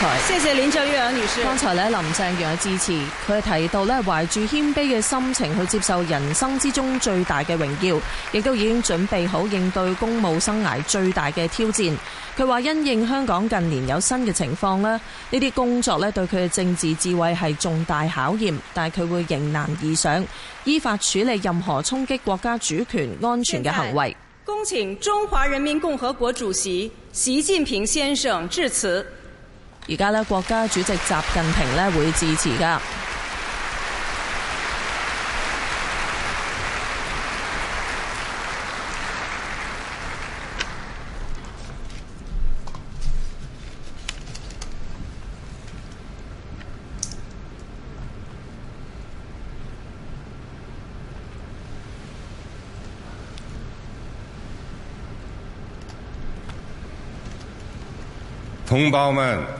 多謝林鄭月娥女士。剛才林鄭月娥致辭，佢係提到咧，懷住謙卑嘅心情去接受人生之中最大嘅榮耀，亦都已經準備好應對公務生涯最大嘅挑戰。佢話，因應香港近年有新嘅情況咧，呢啲工作咧對佢嘅政治智慧係重大考驗，但係佢會迎難而上，依法處理任何衝擊國家主權安全嘅行為。恭請中華人民共和國主席習近平先生致辭。而家呢，國家主席習近平呢會致辭噶，同胞們。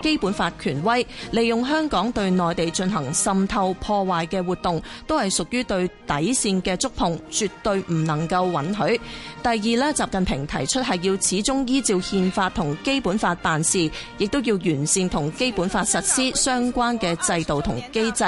基本法權威，利用香港對內地進行滲透破壞嘅活動，都係屬於對底線嘅觸碰，絕對唔能夠允許。第二呢，習近平提出係要始終依照憲法同基本法辦事，亦都要完善同基本法實施相關嘅制度同機制。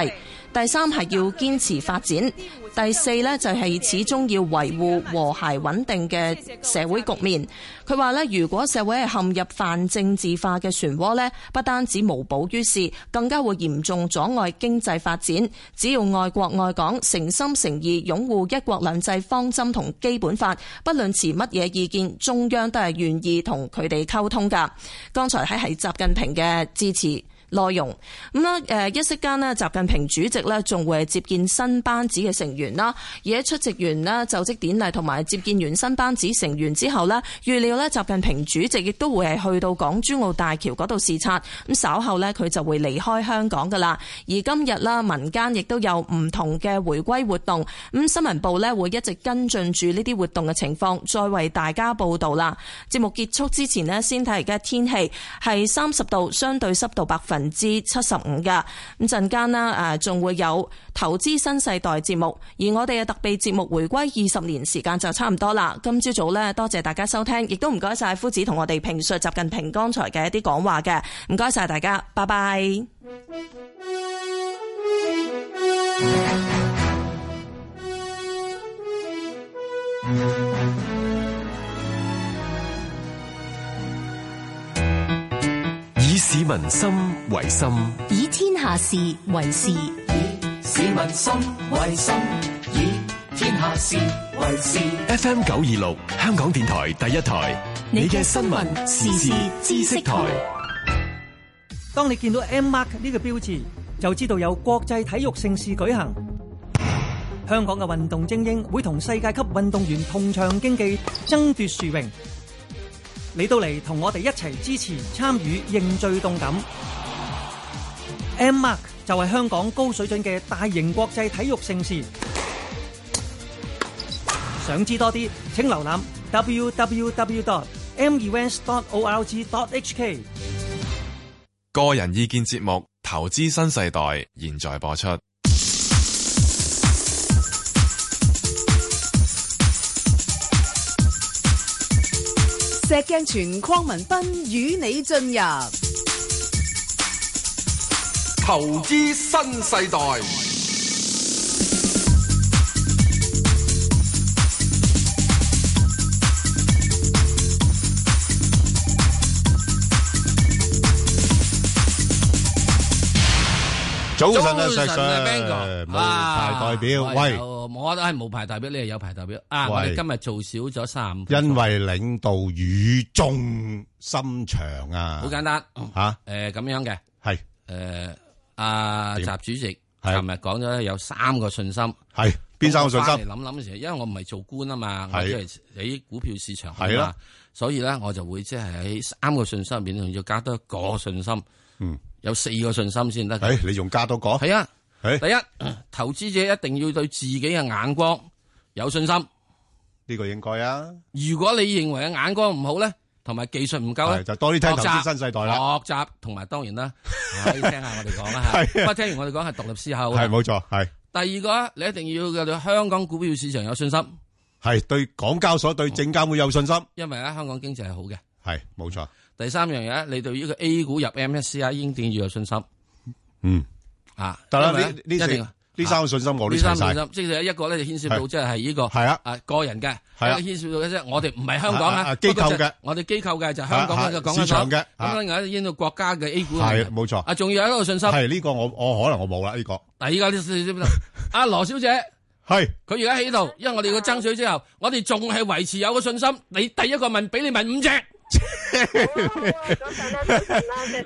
第三係要堅持發展，第四呢就係、是、始終要維護和諧穩定嘅社會局面。佢話呢，如果社會係陷入泛政治化嘅漩渦呢，不單止無補於事，更加會嚴重阻礙經濟發展。只要愛國愛港，誠心誠意擁護一國兩制方針同基本法，不論持乜嘢意見，中央都係願意同佢哋溝通㗎。剛才喺係習近平嘅支持。內容咁咧，誒一息間呢習近平主席呢仲會係接見新班子嘅成員啦。而喺出席完咧就職典禮同埋接見完新班子成員之後呢，預料呢習近平主席亦都會係去到港珠澳大橋嗰度視察。咁稍後呢佢就會離開香港噶啦。而今日啦，民間亦都有唔同嘅回歸活動。咁新聞部呢會一直跟進住呢啲活動嘅情況，再為大家報道啦。節目結束之前呢，先睇下而家天氣係三十度，相對濕度百分分之七十五噶。咁陣間呢，誒，仲會有投資新世代節目，而我哋嘅特備節目回歸二十年時間就差唔多啦。今朝早呢，多謝大家收聽，亦都唔該晒，夫子同我哋評述習近平剛才嘅一啲講話嘅，唔該晒大家，拜拜。市民心為心，以天下事為事。以市民心為心，以天下事為事。F M 九二六，香港電台第一台。你嘅新聞、時事、知識台。當你見到 M Mark 呢個標誌，就知道有國際體育盛事舉行。香港嘅運動精英會同世界級運動員同場競技，爭奪殊榮。你到嚟同我哋一齊支持、參與認罪動感。M Mark 就係香港高水準嘅大型國際體育盛事。想知多啲？請瀏覽 www.mevents.org.hk。個人意見節目《投資新世代》現在播出。石鏡泉、鄺民彬與你進入投資新世代。早晨啊，晨啊，Ben 哥，冇牌代表，喂，我都係冇牌代表，你係有牌代表啊！我哋今日做少咗三，因為領導語重心長啊，好簡單吓，誒咁樣嘅，係誒阿習主席尋日講咗有三個信心，係邊三個信心？諗諗嘅時候，因為我唔係做官啊嘛，我即係喺股票市場啊嘛，所以咧我就會即係喺三個信心入面仲要加多一個信心，嗯。有四個信心先得。誒、哎，你仲加多講？係啊、哎，第一，投資者一定要對自己嘅眼光有信心。呢個應該啊。如果你認為嘅眼光唔好咧，同埋技術唔夠咧，就多啲聽投資新世代啦。學習同埋當然啦， 聽下我哋講啦。係不過聽完我哋講，係獨立思考。係冇錯，係。第二個你一定要對香港股票市場有信心。係對港交所、對證監會有信心。嗯、因為咧，香港經濟係好嘅。係冇錯。第三樣嘢，你對呢個 A 股入 MSCI 已應點要有信心？嗯，啊，得啦，呢呢呢三個信心我呢、啊、三，信心，即係一個咧就牽涉到即係呢個係啊啊個人嘅係牽涉到嘅啫、啊就是啊啊，我哋唔係香港啊機構嘅，我哋機構嘅就香港嘅講一講，市場嘅講緊我引到國家嘅 A 股係冇錯啊，仲要有一個信心係呢、這個我我可能我冇啦呢個。嗱、啊，依家啲阿羅小姐係佢而家喺度，因為我哋個爭取之後，我哋仲係維持有個信心。你第一個問，俾你問五隻。但 係、啊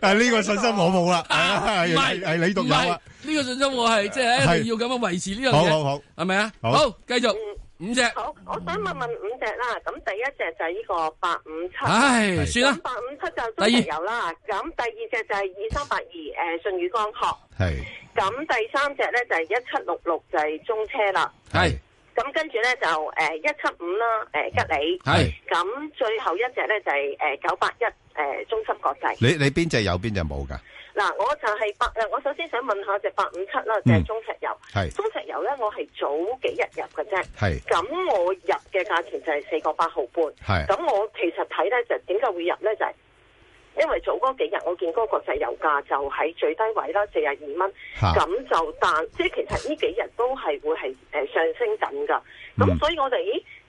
啊、呢，呢、這個信心我冇啦，唔、啊、係你獨有呢、這個信心我係即係一定要咁樣維持呢樣嘢。好好好，係咪啊？好，繼續。五、嗯、隻。好，我想問問五隻啦。咁第一隻就係呢個八五七。唉，算啦，八五七就都係有啦。咁第二隻就係二三八二，誒，信宇光學。係。咁第三隻咧就係一七六六，就係中車啦。係。是咁跟住咧就誒一、呃、七五啦，呃、吉利。咁最後一隻咧就係誒九八一，中芯國際。你你邊隻有邊隻冇㗎？嗱，我就係八，我首先想問下隻八五七啦，即、就、係、是、中石油。嗯、中石油咧，我係早幾日入嘅啫。咁，我入嘅價錢就係四個八毫半。咁，我其實睇咧就點解會入咧就係、是。因為早嗰幾日我見嗰個國際油價就喺最低位啦，四十二蚊，咁就但即係其實呢幾日都係會係上升緊㗎，咁、嗯、所以我哋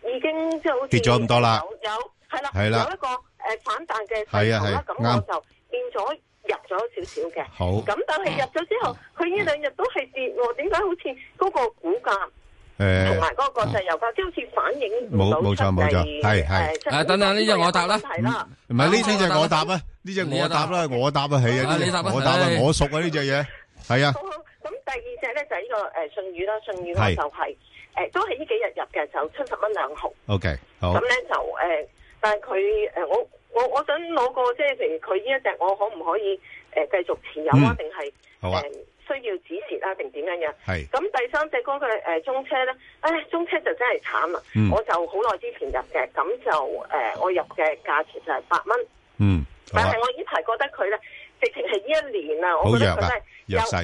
已經即係好似跌咗咁多啦，有有係啦，有一個誒、呃、反彈嘅係啦，咁我就變咗入咗少少嘅，好，咁但係入咗之後，佢呢兩日都係跌喎，點、嗯、解好似嗰個股價？同埋嗰個國際油價，即好似反映冇錯冇錯，係係。啊等等，呢隻我答啦，唔係呢隻我答啦，呢隻我答啦，我答得起啊，呢我答啊，我熟啊呢隻嘢，係啊。好、就是、okay, 好，咁第二隻咧，就係呢個誒信宇啦，信宇咧就係誒都係呢幾日入嘅，就七十蚊兩毫。OK，咁咧就誒，但係佢誒，我我我想攞個即係譬如佢呢一隻，我可唔可以誒繼續持有啊？定係好啊。需要指示啦，啊，定點樣樣、啊？係咁第三隻嗰個誒，中車咧，誒、哎，中車就真係慘啦。我就好耐之前入嘅，咁就誒、呃，我入嘅價錢就係八蚊。嗯，但係我依排覺得佢咧，直情係呢一年啊，我覺得佢真係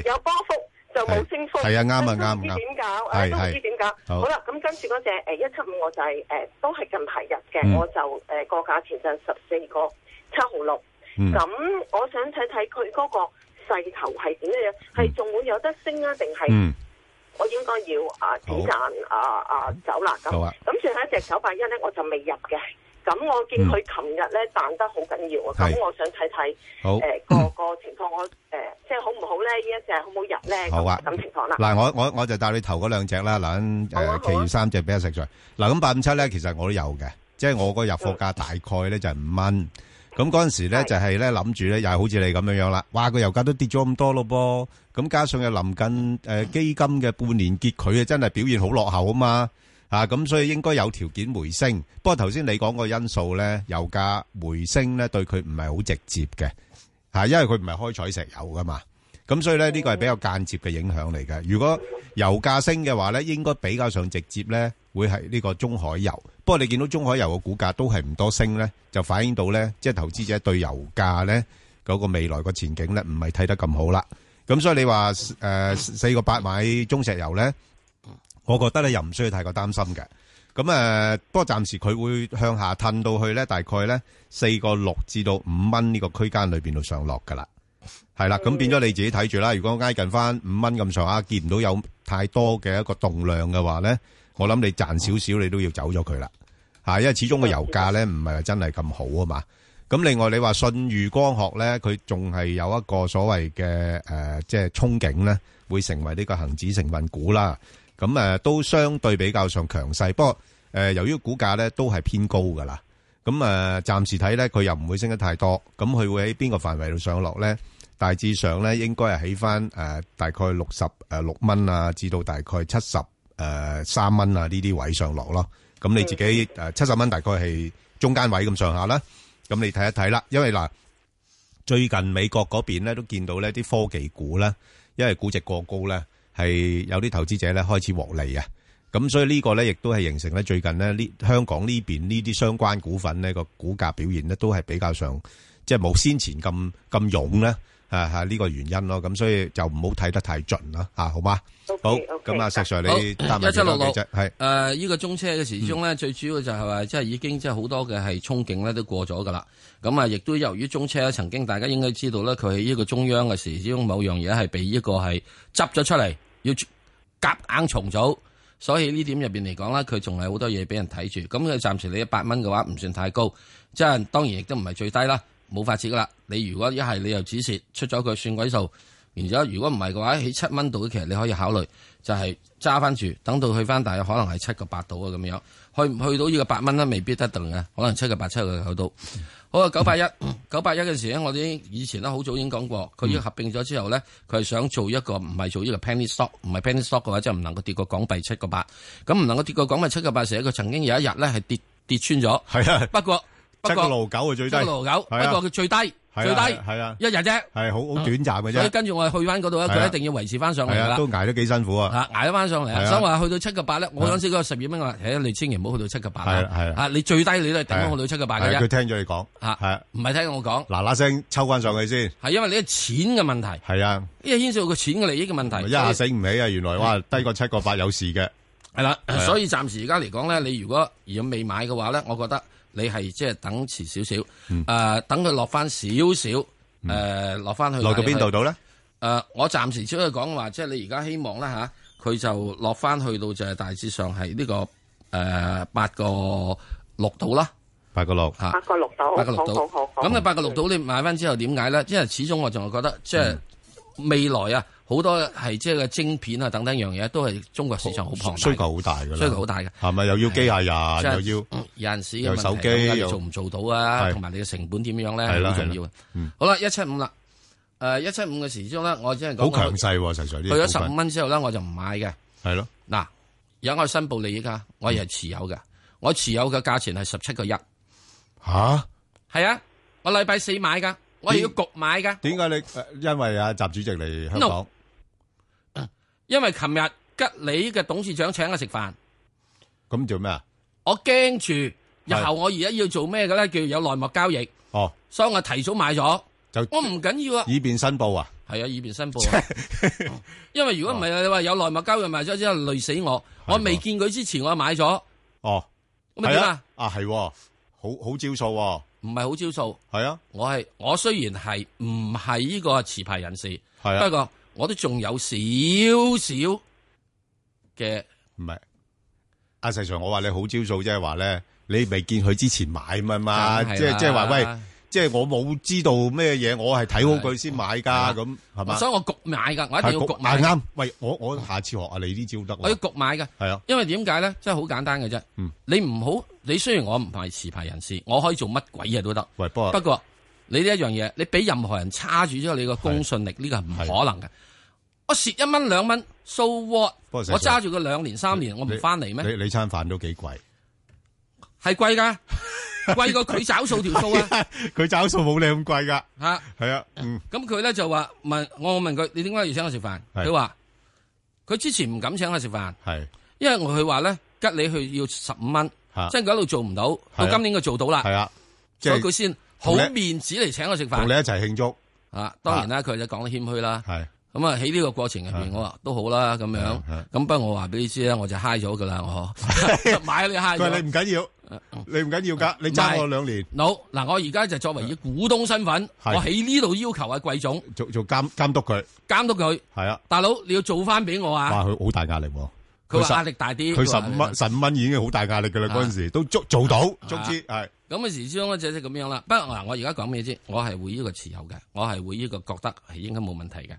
有有波幅就冇升幅，啱啱唔知點搞，都唔知點搞。好啦，咁跟住嗰隻誒一七五，我就係誒都係近排入嘅，我就誒個價錢就係十四個七毫六。咁、嗯、我想睇睇佢嗰個，勢頭係點嘅樣？係仲會有得升啊？定係我應該要啊點賺啊啊走啦？咁咁，最後、啊、一隻九零一咧，我就未入嘅。咁我見佢琴日咧彈得好緊要啊！咁我想睇睇誒個個情況，我誒、 呃、即係好唔好咧？呢一隻好唔好入咧？好啊！咁情況啦。嗱，我我我就帶你投嗰兩隻啦。嗱，誒、呃啊，其餘三隻畀我食咗。嗱、啊，咁八五七咧，其實我都有嘅，即係我個入貨價大概咧就係五蚊。咁嗰陣時咧就係咧諗住咧又係好似你咁樣樣啦，哇個油價都跌咗咁多咯噃，咁加上又臨近誒基金嘅半年結佢啊，真係表現好落後啊嘛，啊咁所以應該有條件回升。不過頭先你講個因素咧，油價回升咧對佢唔係好直接嘅，吓因為佢唔係開採石油㗎嘛。咁所以咧，呢個係比較間接嘅影響嚟嘅。如果油價升嘅話咧，應該比較上直接咧，會係呢個中海油。不過你見到中海油嘅股價都係唔多升咧，就反映到咧，即係投資者對油價咧嗰個未來個前景咧，唔係睇得咁好啦。咁所以你話誒四個八買中石油咧，我覺得咧又唔需要太過擔心嘅。咁誒，不過暫時佢會向下褪到去咧，大概咧四個六至到五蚊呢個區間裏邊度上落㗎啦。係啦，咁變咗你自己睇住啦。如果挨近翻五蚊咁上下，見唔到有太多嘅一個動量嘅話咧，我諗你賺少少你都要走咗佢啦吓，因為始終個油價咧唔係真係咁好啊嘛。咁另外你話信譽光學咧，佢仲係有一個所謂嘅誒，即係憧憬咧，會成為呢個恒指成分股啦。咁誒、呃、都相對比較上強勢，不過誒、呃、由於股價咧都係偏高噶啦，咁誒暫時睇咧佢又唔會升得太多，咁佢會喺邊個範圍度上落咧？大致上咧，應該係起返誒大概六十誒六蚊啊，至到大概七十誒三蚊啊呢啲位上落咯。咁你自己誒七十蚊大概係中間位咁上下啦。咁你睇一睇啦，因為嗱最近美國嗰邊咧都見到呢啲科技股咧，因為估值過高咧，係有啲投資者咧開始獲利啊。咁所以呢個咧亦都係形成咧最近咧呢香港呢邊呢啲相關股份咧個股價表現咧都係比較上，即係冇先前咁咁勇咧。啊，係、啊、呢、這個原因咯，咁所以就唔好睇得太盡啦，嚇，好嗎？Okay, okay, 好，咁、嗯、啊，石 Sir 你答一多幾隻？係、呃，誒，依個中車嘅時鐘咧、嗯，最主要就係話，即係已經即係好多嘅係憧憬咧，都過咗噶啦。咁啊，亦都由於中車曾經大家應該知道咧，佢喺呢個中央嘅時鐘某樣嘢係被依個係執咗出嚟，要夾硬重組。所以呢點入邊嚟講咧，佢仲係好多嘢俾人睇住。咁佢暫時你一百蚊嘅話，唔算太高，即係當然亦都唔係最低啦。冇法子噶啦！你如果一係你又止蝕，出咗佢算鬼數。然之後如果唔係嘅話，喺七蚊度，其實你可以考慮就係揸翻住，等到去翻大約，可能係七個八度啊咁樣。去唔去到呢個八蚊呢，未必得動嘅，可能七個八、七個去到。好啊。九百一、九百一嘅時呢，我哋以前都好早已經講過，佢已經合併咗之後呢，佢係想做一個唔係做呢個 penny stock，唔係 penny stock 嘅話，即係唔能夠跌過港幣七個八。咁唔能夠跌過港幣七個八時，佢曾經有一日呢係跌跌穿咗。係啊，不過。不過七個六九係最低，七個六九。不過佢最低，啊、最低係啊，啊，一日啫，係好好短暫嘅啫。跟住我去翻嗰度咧，佢一定要維持翻上嚟、啊啊、都挨得幾辛苦啊！挨得翻上嚟啊！所以話去到七個八咧、啊，我想知嗰個十二蚊話、哎：，你千祈唔好去到七個八係、啊啊啊、你最低你都係頂到去到七個八嘅啫。佢、啊啊、聽咗你講唔係聽我講？嗱嗱聲抽翻上去先。係因為你嘅錢嘅問題，係啊，因為牽涉到個錢嘅利益嘅問題。一下醒唔起啊！原來哇，低過七個八有事嘅。係啦，所以暫、啊、時而家嚟講咧，你如果如果未買嘅話咧，我覺得。你係即係等遲少,、嗯呃、等少少，誒等佢落翻少少，誒落翻去。落到邊度到咧？誒、呃，我暫時只可以講話，即係你而家希望咧嚇，佢、啊、就落翻去到就係大致上係呢、這個誒八個六度啦，八個六嚇，八個六度，八個六度，咁、啊、你八個六度你買翻之後點解咧？因為始終我仲係覺得即係未來、嗯、啊。好多係即係晶片啊等等樣嘢，都係中國市場好龐大。需求好大噶啦。需求好大嘅。係咪又要機械人，又要有陣時有手機啊？做唔做到啊？同埋你嘅成本點樣咧？好重要啊！好啦，一七五啦，誒，一七五嘅時鐘咧，我只係講好強勢。實在、啊、去咗十五蚊之後咧，我就唔買嘅。係咯，嗱、啊，而家我係申報利益噶，我係持有嘅、嗯，我持有嘅價錢係十七個一。吓，係啊，我禮拜四買噶。我哋要焗買噶，點解你因為阿習主席嚟香港？因為琴日吉利嘅董事長請我食飯，咁做咩啊？我驚住日後我而家要做咩嘅咧？叫有內幕交易，哦，所以我提早買咗。就我唔緊要，緊要啊，啊，以便申報啊，係啊，以便申報啊。因為如果唔係你話有內幕交易，咪真係累死我。我未見佢之前，我買咗。哦，點嘛？啊，係，好好招數、啊。唔係好招數，係啊！我係我雖然係唔係呢個持牌人士，係啊、不過我都仲有少少嘅。唔係，阿細 Sir，我話你好招數，即係話咧，你未見佢之前買，嘛嘛，即係即係話喂。即係我冇知道咩嘢，我係睇好佢先買噶，咁係嘛？所以我焗買噶，我一定要焗買啱、啊。喂，我我下次學下你呢招得。我要焗買噶。係啊，因為點解咧？真係好簡單嘅啫、嗯。你唔好，你雖然我唔係持牌人士，我可以做乜鬼嘢都得。不過，不過你呢一樣嘢，你俾任何人叉住咗你個公信力，呢個唔可能嘅。我蝕一蚊兩蚊，so what？我揸住個兩年三年，我唔翻嚟咩？你你，你餐飯都幾貴。係貴噶，貴過佢找數條數啊！佢 找數冇你咁貴噶吓，係啊，咁佢咧就話問我問佢，你點解要請我食飯？佢話佢之前唔敢請我食飯，係是，因為我佢話咧吉你去要十五蚊，即係佢喺度做唔到，到今年佢做到啦，係啊，所以佢先好面子嚟請我食飯，同你一齊慶祝啊！當然啦，佢就講得謙虛啦，係、啊。咁啊，喺呢個過程入邊，我話都好啦，咁樣。咁不過，我話俾你知啦，我就嗨咗噶啦，我 買你嗨咗。唔係你唔緊要緊，你唔緊要噶，嗯，你爭我兩年。好嗱，no, 我而家就作為以股東身份，我喺呢度要求阿貴總做做監監督佢，監督佢。係啊，大佬你要做翻俾我啊。哇，佢好大壓力。佢話壓力大啲，佢十,十五蚊，十五蚊已經好大壓力噶啦。嗰陣時都做做到，總之係。咁嘅時之就咁樣啦。不過嗱，我而家講咩先？我係會呢個持有嘅，我係會呢個覺得係應該冇問題嘅。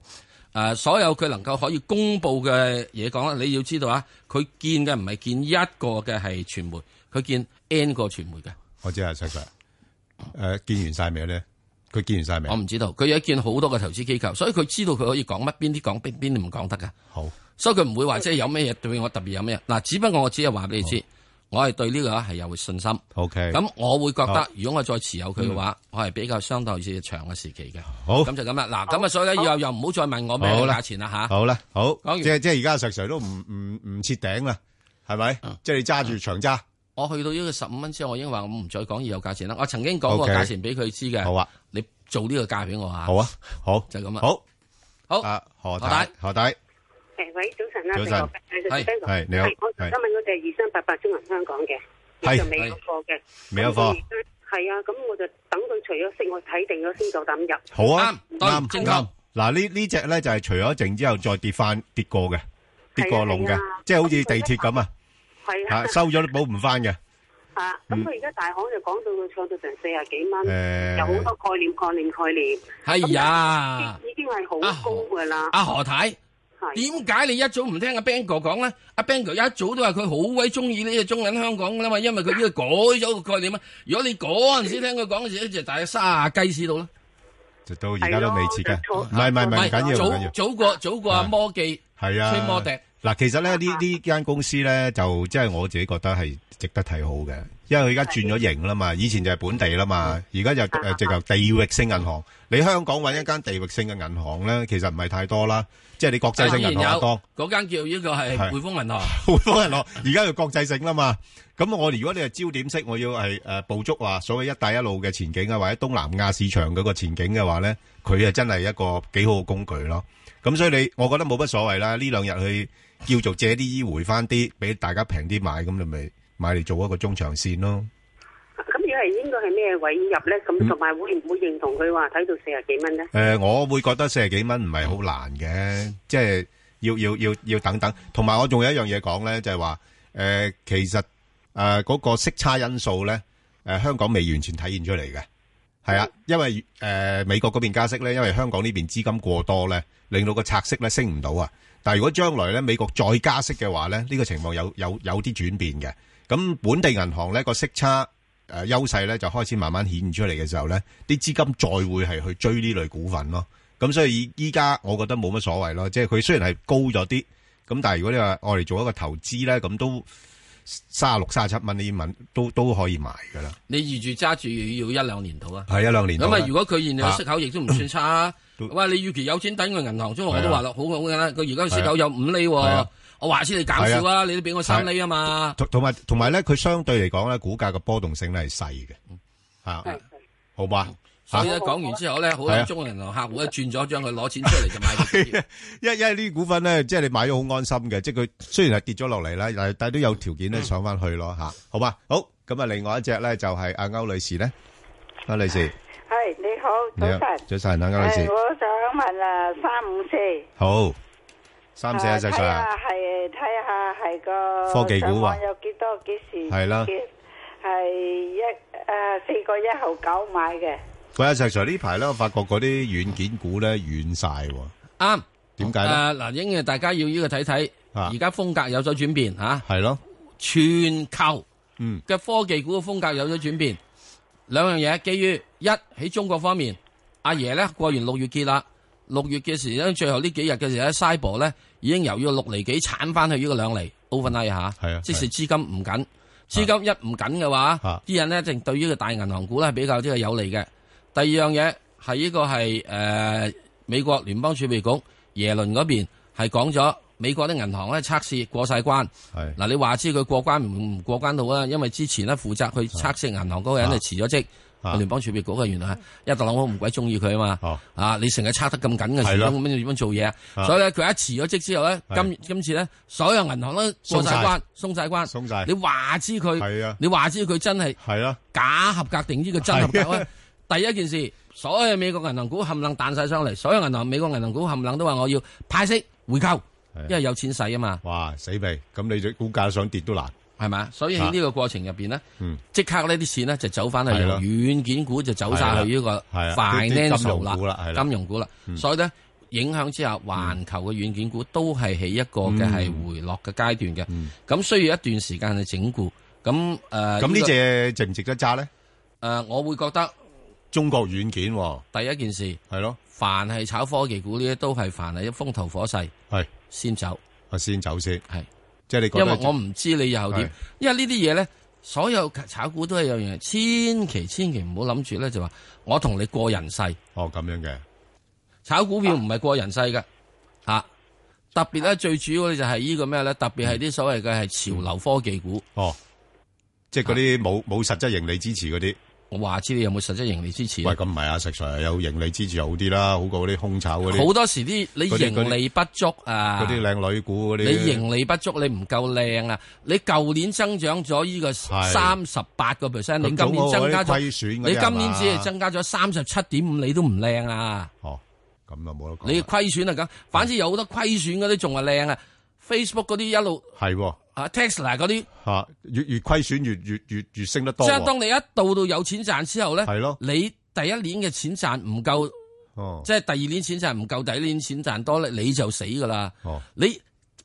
啊、呃、所有佢能夠可以公布嘅嘢講啦，你要知道啊，佢見嘅唔係見一個嘅係傳媒，佢見 N 個傳媒嘅。我知啊，陳 Sir，誒見完晒未咧？佢見完晒未？我唔知道，佢有見好多個投資機構，所以佢知道佢可以講乜，邊啲講，邊啲唔講得噶。好，所以佢唔會話即係有咩嘢對我特別有咩嘢。嗱，只不過我只係話俾你知。我係對呢個係有信心，OK，咁我會覺得如果我再持有佢嘅話，我係比較相對長嘅時期嘅，好，咁就咁啦，嗱，咁啊所以咧以後又唔好再問我咩價錢啦吓，好啦，啊、好，講完水水好，即係即係而家石 Sir 都唔唔唔設頂啦，係咪？即係你揸住長揸，我去到呢個十五蚊之後，我已經話我唔再講以後價錢啦，我曾經講過價錢俾佢知嘅，好啊，你做呢個價俾我吓，好啊，好就咁、係、啦，好好，啊、何大。何誒，喂，早晨啦，早晨，係係你好，係我今日問嗰隻二三八八中銀香港嘅，未有貨嘅，未有貨，係啊，咁我就等佢除咗息，我睇定咗先就夠膽入，好啊，啱，正啱，嗱呢呢隻咧就係除咗淨之後再跌翻跌過嘅，跌過籠嘅，即係好似地鐵咁啊，係啊，收咗都補唔翻嘅，啊，咁佢而家大行就講到佢唱到成四十幾蚊，誒，有好多概念概念概念，係啊，已經係好高噶啦，阿何太。點解你一早唔聽阿 Bang 哥講咧？阿 Bang 哥一早都話佢好鬼中意呢隻中銀香港噶啦嘛，因為佢呢個改咗個概念啊。如果你嗰陣時聽佢講嘅時，咧就大概卅啊雞屎度啦，直到而家都未切嘅。唔係唔係唔緊要，緊要早過早過阿摩記係啊，摩迪嗱。其實咧呢呢間公司咧就即係我自己覺得係值得睇好嘅，因為佢而家轉咗型啦嘛，以前就係本地啦嘛，而家就誒直頭地域性銀行。你香港搵一間地域性嘅銀行咧，其實唔係太多啦。即係你國際性銀行多，嗰間叫呢個係匯豐銀行。匯豐銀行而家叫國際性啦嘛，咁我如果你係焦點式，我要係誒捕捉話所謂一帶一路嘅前景啊，或者東南亞市場嗰個前景嘅話咧，佢誒真係一個幾好嘅工具咯。咁所以你我覺得冇乜所謂啦。呢兩日去叫做借啲醫回翻啲，俾大家平啲買，咁你咪買嚟做一個中長線咯。即係應該係咩位入咧？咁同埋會唔會認同佢話睇到四十幾蚊咧？誒，我會覺得四十幾蚊唔係好難嘅，即係要要要要等等。同埋我仲有一樣嘢講咧，就係話誒，其實誒嗰個息差因素咧，誒香港未完全體現出嚟嘅，係啊，因為誒美國嗰邊加息咧，因為香港呢邊資金過多咧，令到個拆息咧升唔到啊。但係如果將來咧美國再加息嘅話咧，呢個情況有有有啲轉變嘅。咁本地銀行咧個息差。誒，優勢咧就開始慢慢顯現出嚟嘅時候咧，啲資金再會係去追呢類股份咯。咁所以依家我覺得冇乜所謂咯，即係佢雖然係高咗啲，咁但係如果你話我哋做一個投資咧，咁都三十六、三十七蚊，你問都都可以買噶啦。你預住揸住要一兩年度啊？係一兩年。咁啊，如果佢現有息口亦都唔算差，哇、啊！你預期有錢等個銀行中，所以我都話咯，好㗎啦。佢而家息口有五厘喎、哦。我話先，你搞笑啦，你都俾我三厘啊嘛。同同埋同埋咧，佢相對嚟講咧，股價嘅波動性咧係細嘅，吓，好嘛？所以咧講完之後咧，好多中國銀行客戶咧轉咗張佢攞錢出嚟就買呢隻，因因為呢啲股份咧，即係你買咗好安心嘅，即係佢雖然係跌咗落嚟啦，但係但係都有條件咧上翻去咯吓，好嘛？好咁啊，另外一隻咧就係阿歐女士咧，歐女士，係你好，早晨早晨啊，歐女士，我想問啊，三五四。好。三四啊！制裁啊！係啊，係睇下係個科技股啊，有幾多幾時結？係一誒四個一毫九買嘅。喂啊！石 sir 呢排咧，我發覺嗰啲軟件股咧軟晒喎。啱，點解咧？嗱，因為大家要呢個睇睇，而家風格有所轉變吓。係咯，全球嗯嘅科技股嘅風格有咗轉變。兩樣嘢，基於一喺中國方面，阿爺咧過完六月結啦。六月嘅時咧，最後呢幾日嘅時咧，cyber 咧已經由呢個六厘幾鏟翻去呢個兩厘 overnight 吓，即使資金唔緊，資金一唔緊嘅話，啲、啊啊、人呢淨對於個大銀行股咧係比較即係有利嘅。第二樣嘢係呢個係誒美國聯邦儲備局耶倫嗰邊係講咗，美國啲銀行咧測試過晒關。嗱、啊，你話知佢過關唔唔過關到啦？因為之前呢負責去測試銀行嗰個人咧辭咗職。啊啊啊、聯邦儲備局嘅原來一因為特朗普唔鬼中意佢啊嘛，啊，啊你成日差得咁緊嘅時候，咁樣點樣做嘢啊？所以咧，佢一辭咗職之後咧，今今次咧，所有銀行咧過曬關鬆晒關，鬆晒，你話知佢，你話知佢真係假合格定呢個真合格咧？第一件事， 所有美國銀行股冚冷彈晒上嚟，所有銀行美國銀行股冚冷都話我要派息回購，因為有錢使啊嘛。哇！死幣，咁你估股價想跌都難。係嘛？所以喺呢個過程入邊咧，即、啊、刻、嗯、呢啲線咧就走翻去，軟、嗯、件股就走晒去呢、這個、嗯、finance 金融股啦、嗯。所以咧，影響之下，環球嘅軟件股都係喺一個嘅係回落嘅階段嘅，咁、嗯、需要一段時間去整固。咁誒，咁呢隻值唔值得揸咧？誒、呃，我會覺得中國軟件、啊、第一件事係咯，凡係炒科技股呢，都係凡係一風頭火勢，係先走，我先走先係。因為我唔知你又點，因為呢啲嘢咧，所有炒股都係有樣嘢，千祈千祈唔好諗住咧就話我同你過人世。哦，咁樣嘅，炒股票唔係過人世噶，吓，特別咧最主要就係呢個咩咧，特別係啲所謂嘅係潮流科技股。哦，即係嗰啲冇冇實質盈利支持嗰啲。我話知你有冇實質盈利支持？喂，咁唔係啊，食材有盈利支持好啲啦，好過啲空炒嗰啲。好多時啲你盈利不足啊，嗰啲靚女股嗰啲，你盈利不足，你唔夠靚啊！你舊年增長咗呢個三十八個 percent，你今年增加咗，你今年只係增加咗三十七點五，你都唔靚啊！哦，咁就冇得講。你虧損啊，咁，反正有好多虧損嗰啲仲係靚啊。Facebook 嗰啲一路係、哦，啊 Tesla 嗰啲吓越越虧損越越越越升得多。即係當你一到到有錢賺之後咧，係咯、哦，你第一年嘅錢賺唔夠，哦，即係第二年錢賺唔夠，第一年錢賺多咧，你就死噶啦。哦，你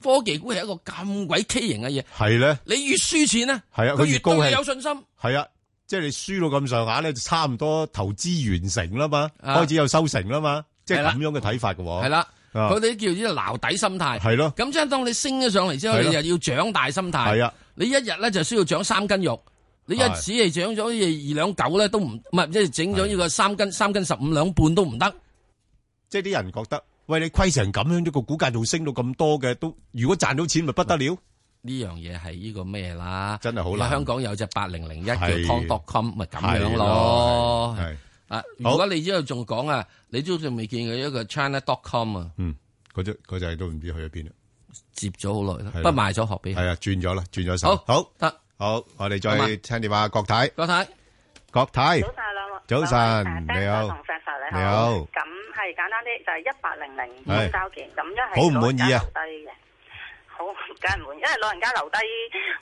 科技股係一個咁鬼畸形嘅嘢，係咧，你越輸錢呢，係啊，佢越對你有信心，係啊，即係你輸到咁上下咧，就差唔多投資完成啦嘛、啊，開始有收成啦嘛，即係咁樣嘅睇法噶。係啦、啊。是啊是啊佢、啊、哋叫呢個撈底心態，係咯。咁即係當你升咗上嚟之後，你就要長大心態。係啊，你一日咧就需要長三斤肉。你一隻係長咗二兩九咧都唔唔係，即係整咗呢個三斤三斤十五兩半都唔得。即係啲人覺得，喂，你虧成咁樣，呢、這個股價仲升到咁多嘅，都如果賺到錢咪不得了。呢樣嘢係呢個咩啦？真係好難。香港有隻八零零一叫 tom.com，咪咁樣咯。啊！如果你之後仲講啊，你都仲未見嘅一個 China.com 啊，嗯，嗰隻嗰隻都唔知去咗邊啦，接咗好耐啦，不賣咗，學俾人，係啊，轉咗啦，轉咗手，好，好，得，好，我哋再聽電話，郭太，郭太，郭太，早晨，早晨，你好，你好，咁係簡單啲就係一八零零交件，咁樣係好唔滿意啊？好，梗係悶，因為老人家留低，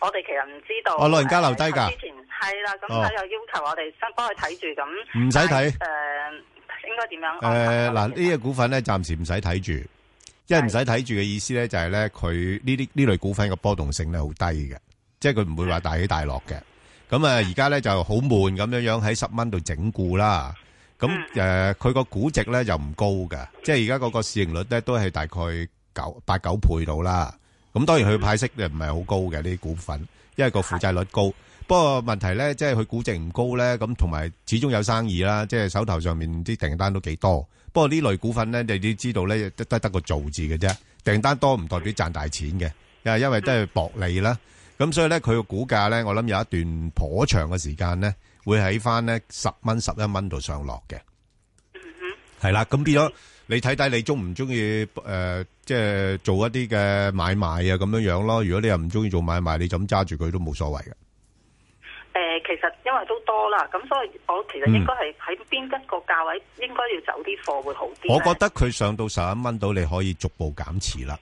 我哋其實唔知道。哦，老人家留低噶，之前係啦，咁佢又要求我哋幫佢睇住，咁唔使睇。誒，應該點樣？誒嗱，呢個股份咧，暫時唔使睇住，因為唔使睇住嘅意思咧，就係咧佢呢啲呢類股份嘅波動性咧好低嘅，即係佢唔會話大起大落嘅。咁啊，而家咧就好悶咁樣樣喺十蚊度整固啦。咁誒，佢個估值咧就唔高嘅，即係而家嗰個市盈率咧都係大概九八九倍到啦。咁當然佢派息咧唔係好高嘅呢啲股份，因為個負債率高。不過問題咧，即係佢估值唔高咧，咁同埋始終有生意啦，即係手頭上面啲訂單都幾多。不過呢類股份咧，你都知道咧，得得得個做字嘅啫，訂單多唔代表賺大錢嘅，因為因為都係薄利啦。咁所以咧，佢個股價咧，我諗有一段頗長嘅時間咧，會喺翻呢十蚊十一蚊度上落嘅。係啦，咁變咗。你睇睇，你中唔中意？誒，即係做一啲嘅買賣啊，咁樣樣咯。如果你又唔中意做買賣，你就咁揸住佢都冇所謂嘅。誒、呃，其實因為都多啦，咁所以我其實應該係喺邊一個價位應該要走啲貨會好啲。我覺得佢上到十一蚊到，你可以逐步減持啦。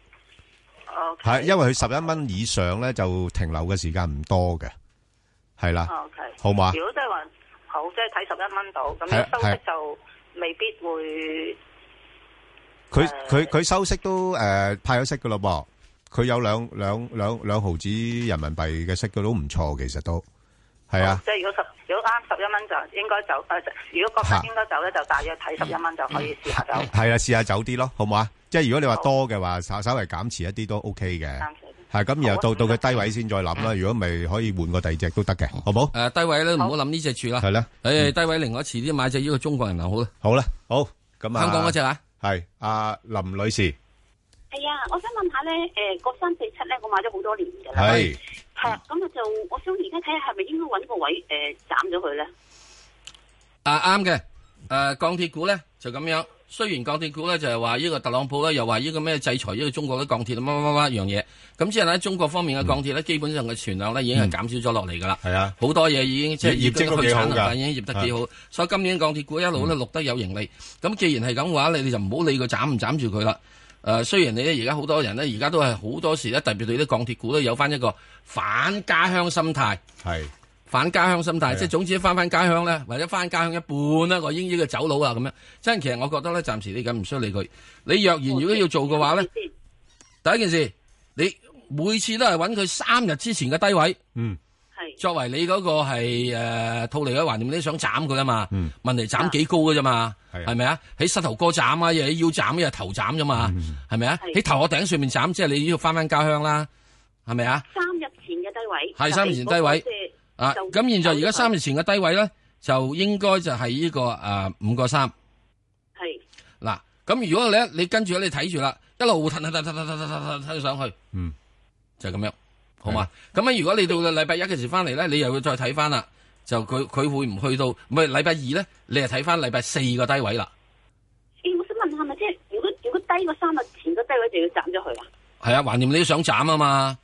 係、okay.，因為佢十一蚊以上咧，就停留嘅時間唔多嘅，係啦，okay. 好嘛？如果即係話好，即係睇十一蚊到咁收息就未必會。佢佢佢收息都誒派咗息噶咯噃，佢有兩兩兩兩毫子人民幣嘅息，佢都唔錯，其實都係啊。即係如果十如果啱十一蚊就應該走，如果覺得應該走咧就大約睇十一蚊就可以試下走。係啊，試下走啲咯，好唔好啊？即係如果你話多嘅話，稍稍為減持一啲都 OK 嘅。減持啲係咁，然後到到佢低位先再諗啦。如果唔係，可以換個第二隻都得嘅，好唔好？誒低位咧唔好諗呢隻住啦，係啦。誒低位，另外遲啲買隻呢個中國人樓好啦。好啦，好咁啊，香港嗰隻啊。係阿林女士，係啊，我想問下咧，誒，個三四七咧，我買咗好多年噶啦，係，係啦，咁啊就，我想而家睇下係咪應該揾個位誒斬咗佢咧？啊啱嘅，誒，鋼鐵股咧就咁樣。雖然鋼鐵股咧就係話呢個特朗普咧又話呢個咩制裁呢個中國嘅鋼鐵乜乜乜乜一樣嘢，咁之後咧中國方面嘅鋼鐵咧、嗯、基本上嘅存量咧已經係減少咗落嚟㗎啦，係、嗯、啊，好多嘢已經、嗯、即係業績都幾好但已經業得幾好，所以今年鋼鐵股一路咧、嗯、錄得有盈利，咁既然係咁話咧，你就唔好理佢斬唔斬住佢啦。誒、呃，雖然你而家好多人咧而家都係好多時咧特別對啲鋼鐵股都有返一個反家鄉心態，返家鄉心態，即係總之翻翻家鄉咧，或者翻家鄉一半咧，我應應嘅走佬啊咁樣。真係，其實我覺得咧，暫時你咁唔需要理佢。你若然如果要做嘅話咧，第一件事，你每次都係揾佢三日之前嘅低位，嗯，係作為你嗰個係誒套利嘅環節咧，你想斬佢嘛？問題斬幾高嘅啫嘛？係咪啊？喺膝頭哥斬啊，要喺腰斬，又係頭斬啫嘛？係咪啊？喺頭殼頂上面斬，即係你要翻翻家鄉啦，係咪啊？三日前嘅低位係三日前低位。啊，咁現在而家三日前嘅低位咧，就應該就係呢、這個誒五個三。係、啊。嗱，咁、啊、如果咧你跟住咧你睇住啦，一路騰騰騰騰騰騰騰騰上去，嗯，就係、是、咁樣，好嘛？咁啊，如果你到禮拜一嘅時翻嚟咧，你又要再睇翻啦，就佢佢會唔去到？唔係禮拜二咧，你又睇翻禮拜四個低位啦。誒、欸，我想問下，咪即係如果如果低過三日前嘅低位就要斬咗佢啊？係啊，橫掂你都想斬啊嘛。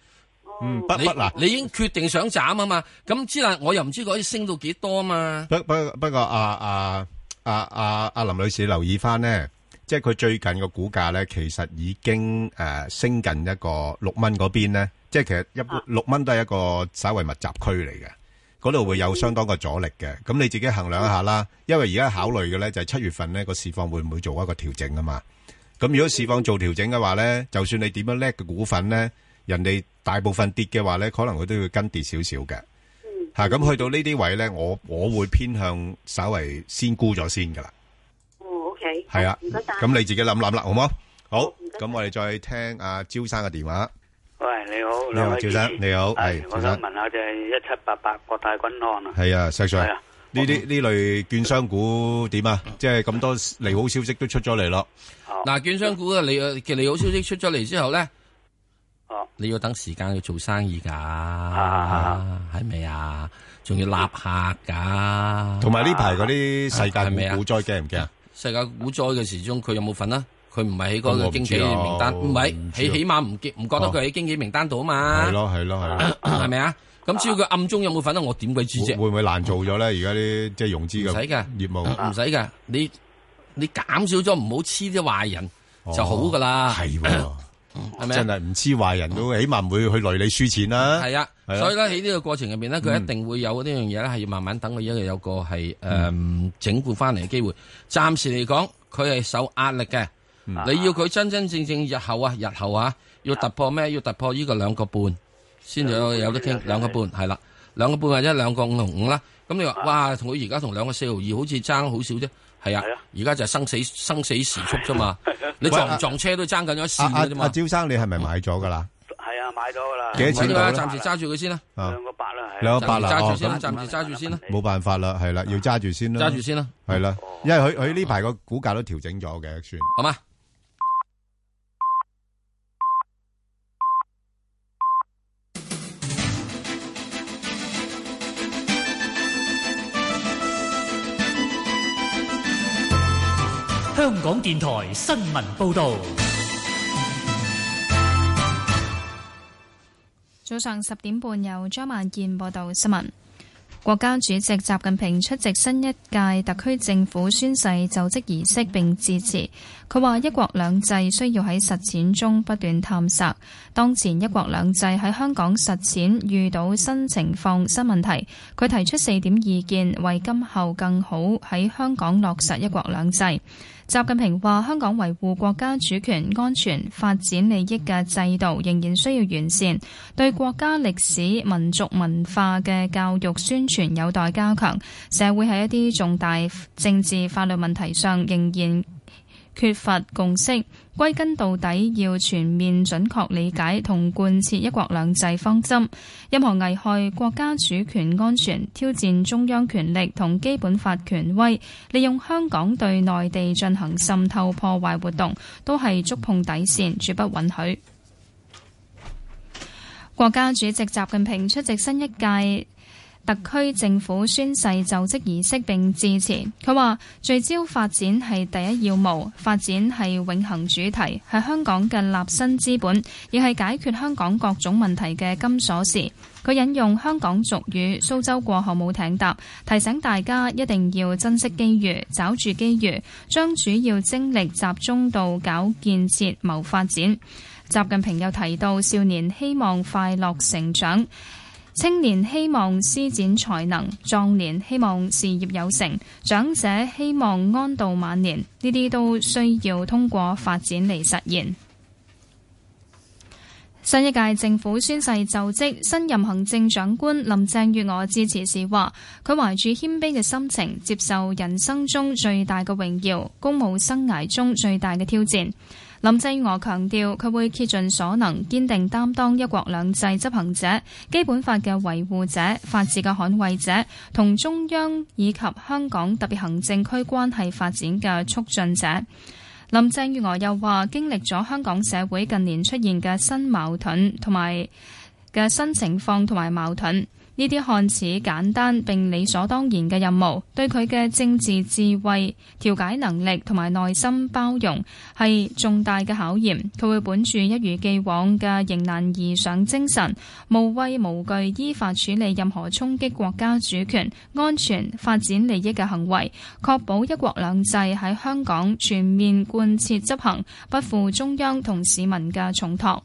嗯，不不嗱，你已經決定想斬啊嘛？咁之但我又唔知可以升到幾多啊嘛？不不不過，阿啊啊阿、啊啊、林女士留意翻咧，即係佢最近嘅股價咧，其實已經誒升近一個六蚊嗰邊咧，即係其實一般六蚊都係一個稍微密集區嚟嘅，嗰度會有相當嘅阻力嘅。咁你自己衡量一下啦，因為而家考慮嘅咧就係七月份咧個市況會唔會做一個調整啊嘛？咁如果市況做調整嘅話咧，就算你點樣叻嘅股份咧，人哋～大部分跌嘅話咧，可能佢都要跟跌少少嘅。吓，咁去到呢啲位咧，我我會偏向稍微先沽咗先噶啦。嗯，OK。係啊，咁你自己諗諗啦，好唔好？好。咁我哋再聽阿招生嘅電話。喂，你好。你好，招生。你好。係。我想問下就係一七八八國泰君安啊。係啊，石 Sir。係啊。呢啲呢類券商股點啊？即係咁多利好消息都出咗嚟咯。嗱，券商股嘅利其實利好消息出咗嚟之後咧。你要等時間去做生意噶，係咪啊？仲要立客噶，同埋呢排嗰啲世界係咪啊？股災驚唔驚啊？世界股災嘅時鐘，佢有冇份啊？佢唔係喺嗰個經紀名單，唔係起起碼唔唔覺得佢喺經紀名單度啊嘛。係咯係咯係咯，係咪啊？咁只要佢暗中有冇份啦，我點鬼知啫？會唔會難做咗咧？而家啲即係融資嘅業務唔使噶，你你減少咗唔好黐啲壞人就好噶啦。係。係咪真係唔知壞人都起碼唔會去累你輸錢啦、啊？係啊，啊，啊，所以咧喺呢個過程入邊咧，佢一定會有呢樣嘢咧，係、嗯、要慢慢等佢一日有個係誒、嗯、整固翻嚟嘅機會。暫時嚟講，佢係受壓力嘅、啊。你要佢真真正正日後啊，日後啊，要突破咩？要突破呢個兩個半，先至有有得傾。兩、嗯、個半係啦，兩、啊、個半或者兩個五毫五啦、啊。咁你話哇，同佢而家同兩個四毫二，好似爭好少啫。係啊，而家、啊、就係生死生死時速啫嘛、啊，你撞、啊、撞車都爭緊咗線啫嘛。阿、啊、招、啊、生，你係咪買咗噶啦？係、嗯、啊，買咗噶啦。幾錢啊？暫時揸住佢先啦、啊。兩、啊、個八啦，係兩個八啦。揸、啊、住先、啊，啦暫時揸住先啦、啊。冇、啊、辦法啦，係啦、啊，要揸住先啦、啊。揸住先啦、啊，係啦、啊啊，因為佢佢呢排個股價都調整咗嘅，算好嗎？香港電台新聞報道，早上十點半由張萬燕報道新聞。國家主席習近平出席新一屆特區政府宣誓就職儀式，並致辭。佢話一國兩制需要喺實踐中不斷探索，當前一國兩制喺香港實踐遇到新情況新問題。佢提出四點意見，為今後更好喺香港落實一國兩制。習近平話，香港維護國家主權、安全、發展利益嘅制度仍然需要完善，對國家歷史、民族文化嘅教育宣傳有待加強。社會喺一啲重大政治法律問題上仍然。缺乏共識，歸根到底要全面準確理解同貫徹一國兩制方針。任何危害國家主權安全、挑戰中央權力同基本法權威、利用香港對內地進行滲透破壞活動，都係觸碰底線，絕不允許。國家主席習近平出席新一屆。特區政府宣誓就職儀式並致辭，佢話聚焦發展係第一要務，發展係永恆主題，係香港嘅立身之本，亦係解決香港各種問題嘅金鎖匙。佢引用香港俗語「蘇州過後冇艇搭」，提醒大家一定要珍惜機遇，找住機遇，將主要精力集中到搞建設、謀發展。習近平又提到少年希望快樂成長。青年希望施展才能，壯年希望事業有成，長者希望安度晚年，呢啲都需要通過發展嚟實現。新一屆政府宣誓就職，新任行政長官林鄭月娥致辭時話，佢懷住謙卑嘅心情，接受人生中最大嘅榮耀，公務生涯中最大嘅挑戰。林鄭月娥強調，佢會竭盡所能，堅定擔當一國兩制執行者、基本法嘅維護者、法治嘅捍衛者，同中央以及香港特別行政區關係發展嘅促進者。林鄭月娥又話，經歷咗香港社會近年出現嘅新矛盾同埋嘅新情況同埋矛盾。呢啲看似簡單並理所當然嘅任務，對佢嘅政治智慧、調解能力同埋內心包容係重大嘅考驗，佢會本住一如既往嘅迎難而上精神，無畏無懼依法處理任何衝擊國家主權安全、發展利益嘅行為，確保一國兩制喺香港全面貫徹執行，不負中央同市民嘅重託。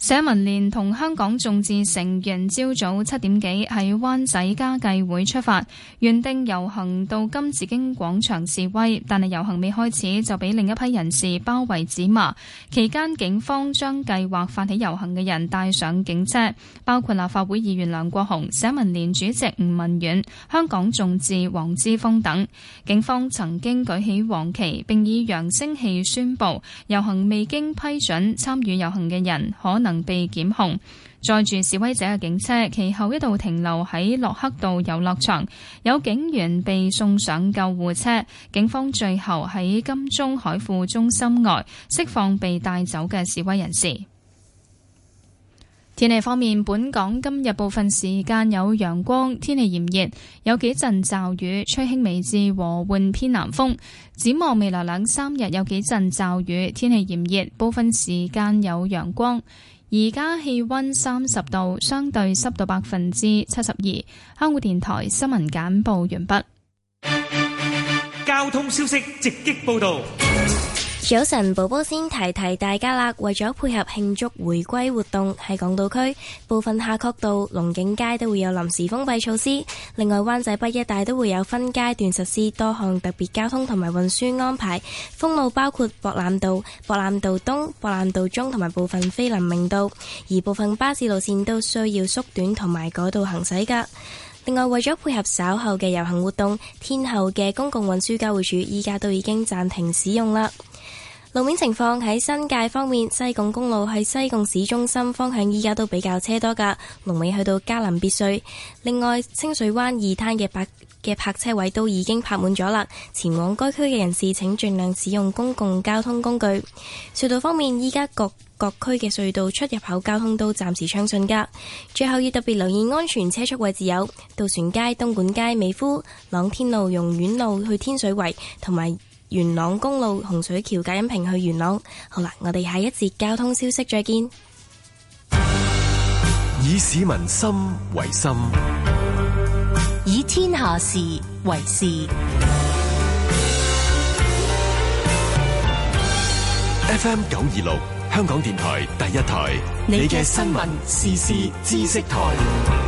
社民連同香港眾志成員朝早七點幾喺灣仔家計會出發，原定遊行到金紫荊廣場示威，但係遊行未開始就俾另一批人士包圍指罵。期間警方將計劃發起遊行嘅人帶上警車，包括立法會議員梁國雄、社民連主席吳文遠、香港眾志黃之鋒等。警方曾經舉起黃旗，並以揚聲器宣布遊行未經批准參與遊，參與遊行嘅人可能。被檢控載住示威者嘅警車，其後一度停留喺洛克道遊樂場，有警員被送上救護車。警方最後喺金鐘海富中心外釋放被帶走嘅示威人士。天氣方面，本港今日部分時間有陽光，天氣炎熱，有幾陣驟雨，吹輕微至和緩偏南風。展望未來兩三日，有幾陣驟雨，天氣炎熱，部分時間有陽光。而家氣溫三十度，相對濕度百分之七十二。香港電台新聞簡報完畢。交通消息直擊報導。早晨，寶寶先提提大家啦。為咗配合慶祝回歸活動，喺港島區部分夏慤道、龍景街都會有臨時封閉措施。另外，灣仔北一帶都會有分階段實施多項特別交通同埋運輸安排。封路包括博覽道、博覽道東、博覽道中同埋部分菲林明道，而部分巴士路綫都需要縮短同埋改道行駛噶。另外，為咗配合稍後嘅遊行活動，天后嘅公共運輸交匯處依家主現在都已經暫停使用啦。路面情況，喺新界方面，西貢公路喺西貢市中心方向依家都比較車多噶，龍尾去到嘉林別墅。另外，清水灣二灘嘅泊嘅泊車位都已經泊滿咗啦。前往該區嘅人士，請盡量使用公共交通工具。隧道方面，依家各各區嘅隧道出入口交通都暫時暢順噶。最後要特別留意安全車速位置有：渡船街、東莞街、美孚、朗天路、榕苑路去天水圍同埋。元朗公路洪水橋隔音屏去元朗，好啦，我哋下一節交通消息再見。以市民心為心，以天下事為事。FM 九二六，香港電台第一台，你嘅新聞、時事、知識台。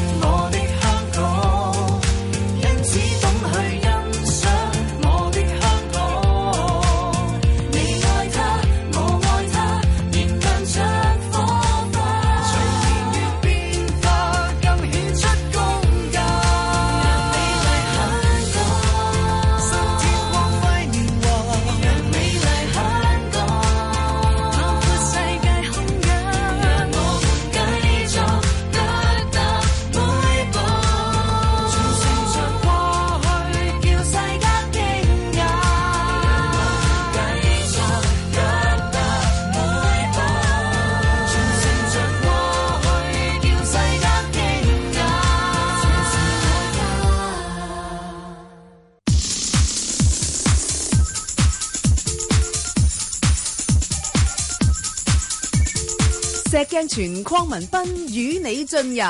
鏡泉、民彬與你進入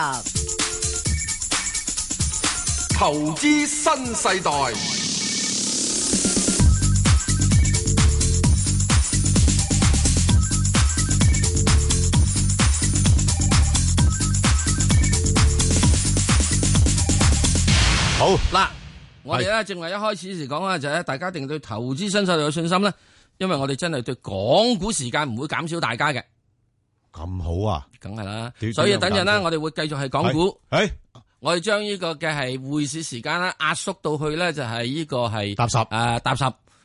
投資新世代。好嗱，我哋咧正係一開始時講就係、是、大家一定對投資新世代有信心咧，因為我哋真係對港股時間唔會減少大家嘅。咁好啊，梗係啦，所以等陣呢我哋會繼續係講股，我哋將呢個嘅係匯市時間咧壓縮到去呢就係呢個係，十誒，踏十，啊踏十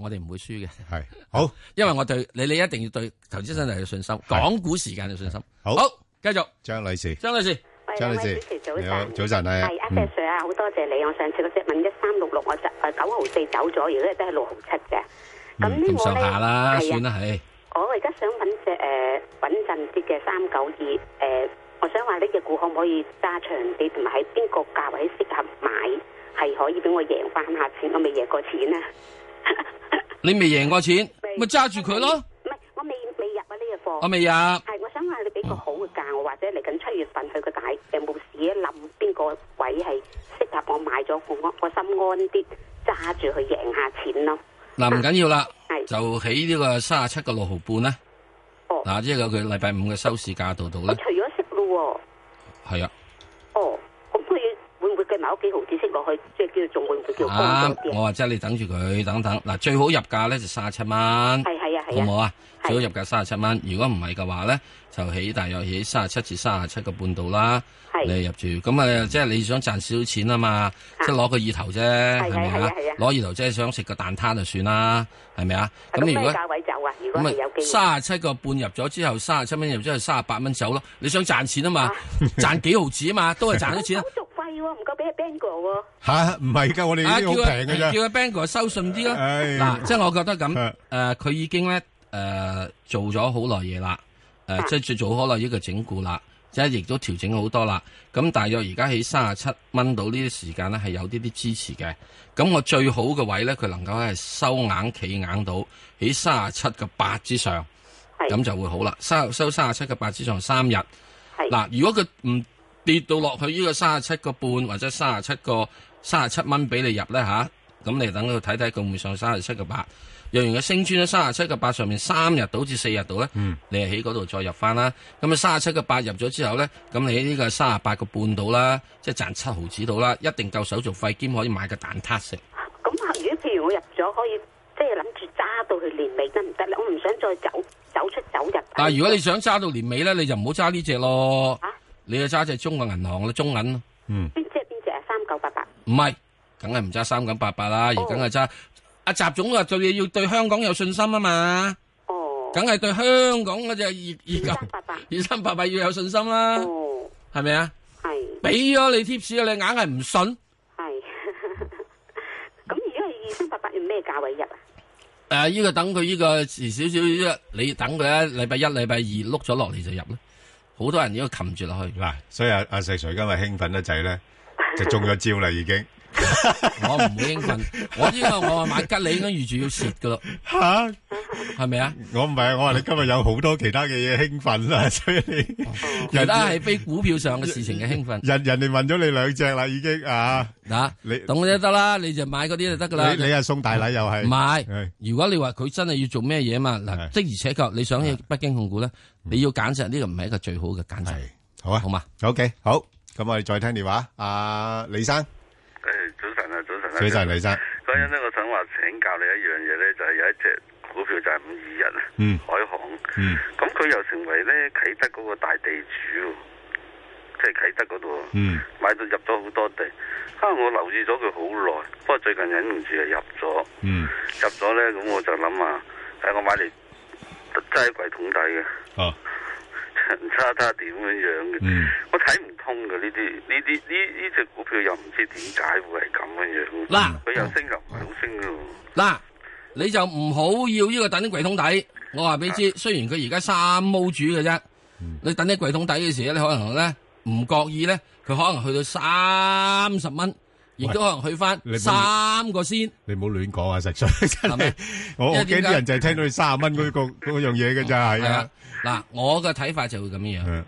我哋唔會輸嘅，係好，因為我對你，你一定要對投資新世代有信心，港股時間有信心。好，好，繼續，張女士，張女士，張女士，主持早晨，早晨啊，係阿 Sir 啊、嗯，好多謝你。我上次嗰隻問一三六六，我十、呃嗯啊啊啊，我九毫四走咗，而家都係六毫七嘅。咁呢上下啦，算啦，係。我而家想搵隻誒穩陣啲嘅三九二，誒，我想話呢隻股可唔可以揸長啲，同埋喺邊個價位適合買，係可以俾我贏翻下錢，我未贏過錢啊！ 你未贏過錢，咪揸住佢咯。唔係，我未我未，未入啊，呢、這個貨。我未入，係我想話你俾個好嘅價，或者嚟緊七月份去個大有冇事，一諗邊個位係適合我買咗個屋，我心安啲，揸住去贏下錢咯。嗱、啊，唔緊要啦，係就喺呢個三十七個六毫半啦。哦，嗱、啊，即係佢禮拜五嘅收市價度度啦。我除咗息咯，係啊。紫色落去，即係叫做仲叫我話即係你等住佢，等等嗱，最好入價咧就卅七蚊，係係啊，啊，好唔好啊？最好入價卅七蚊。如果唔係嘅話咧，就起大約起卅七至卅七個半度啦，你入住。咁啊，即係你想賺少少錢啊嘛，即係攞個意頭啫，係咪啊？攞意、啊啊啊、頭即係想食個蛋撻就算啦，係咪啊？咁如果卅七個半入咗之後，卅七蚊入咗之後卅八蚊走咯。你想賺錢啊嘛？賺、啊、幾毫子啊嘛？ 都係賺咗錢 啊！b a n g o 唔係㗎，我哋啲平㗎咋，叫個 Bangor 收順啲咯。嗱、哎，即係我覺得咁誒，佢、呃、已經咧誒、呃、做咗好耐嘢啦。誒、呃，即係最早好耐呢個整固啦，即係亦都調整好多啦。咁大約而家喺三十七蚊到呢啲時間咧係有啲啲支持嘅。咁我最好嘅位咧，佢能夠係收硬企硬到喺三十七個八之上，咁就會好啦。收三十七個八之上三日。嗱，如果佢唔跌到落去呢個三十七個半或者三十七個三十七蚊俾你入咧吓，咁你等佢睇睇佢會上三十七個八？若然佢升穿咗三十七個八上面三日到至四日到咧，你又喺嗰度再入翻啦。咁啊三十七個八入咗之後咧，咁你喺呢個三十八個半度啦，即係賺七毫子度啦，一定夠手續費兼可以買個蛋撻食。咁啊，如果譬如我入咗可以即係諗住揸到去年尾得唔得咧？我唔想再走走出走入。但係如果你想揸到年尾咧，你就唔好揸呢隻咯。啊你要揸隻中國銀行咯，中銀咯。嗯。邊隻邊隻啊？三九八八。唔係，梗係唔揸三九八八啦，oh. 而梗係揸阿習總話最要對香港有信心啊嘛。哦。梗係對香港嗰隻二二九。三八八。二三八八要有信心啦。哦、oh.。係咪啊？係。俾咗你 tips 啊，你硬係唔信。係。咁而家二三八八要咩價位入啊？誒、呃、依、這個等佢呢個遲少少，你等佢啊！禮拜一、禮拜二碌咗落嚟就入啦。好多人而家擒住落去嗱，所以阿阿石 Sir 今日興奮得滯咧，就中咗招啦已經。我唔會興奮，我依家，我話買吉利，應該預住要蝕噶咯，吓係咪啊？我唔係，我話你今日有好多其他嘅嘢興奮啦，所以你其他係非股票上嘅事情嘅興奮。人人哋問咗你兩隻啦，已經啊啊，你懂就得啦，你就買嗰啲就得噶啦。你又送大禮又係唔係？如果你話佢真係要做咩嘢嘛嗱，即而且確你想去北京控股咧，你要揀實呢，唔係一個最好嘅揀實。好啊，好嘛，OK，好，咁我哋再聽電話，阿李生。早晨啊，早晨啊，早晨，女生，嗰日咧，嗯、我想話，請教你一樣嘢咧，就係有一隻股票就係五二一啊，嗯，海航，嗯，咁佢又成為咧啟德嗰個大地主，即係啟德嗰度，嗯，買到入咗好多地，可能，我留意咗佢好耐，不過最近忍唔住啊入咗，嗯，入咗咧，咁我就諗啊，誒，我買嚟齋鬼桶底嘅，哦、啊。差差點樣嘅、嗯，我睇唔通㗎，呢啲呢啲呢呢隻股票又唔知點解會係咁樣樣。嗱，佢又升又唔係好升喎。嗱、啊啊啊，你就唔好要呢個等啲櫃桶底。我話俾你知、啊，雖然佢而家三毛主嘅啫，你等啲櫃桶底嘅時候，你可能咧唔覺意咧，佢可能去到三十蚊，亦都可能去翻三個先。你唔好亂講啊，實在我在我驚啲人就係聽到你三十蚊嗰個嗰樣嘢嘅就係啊。嗱，我嘅睇法就會咁樣、啊，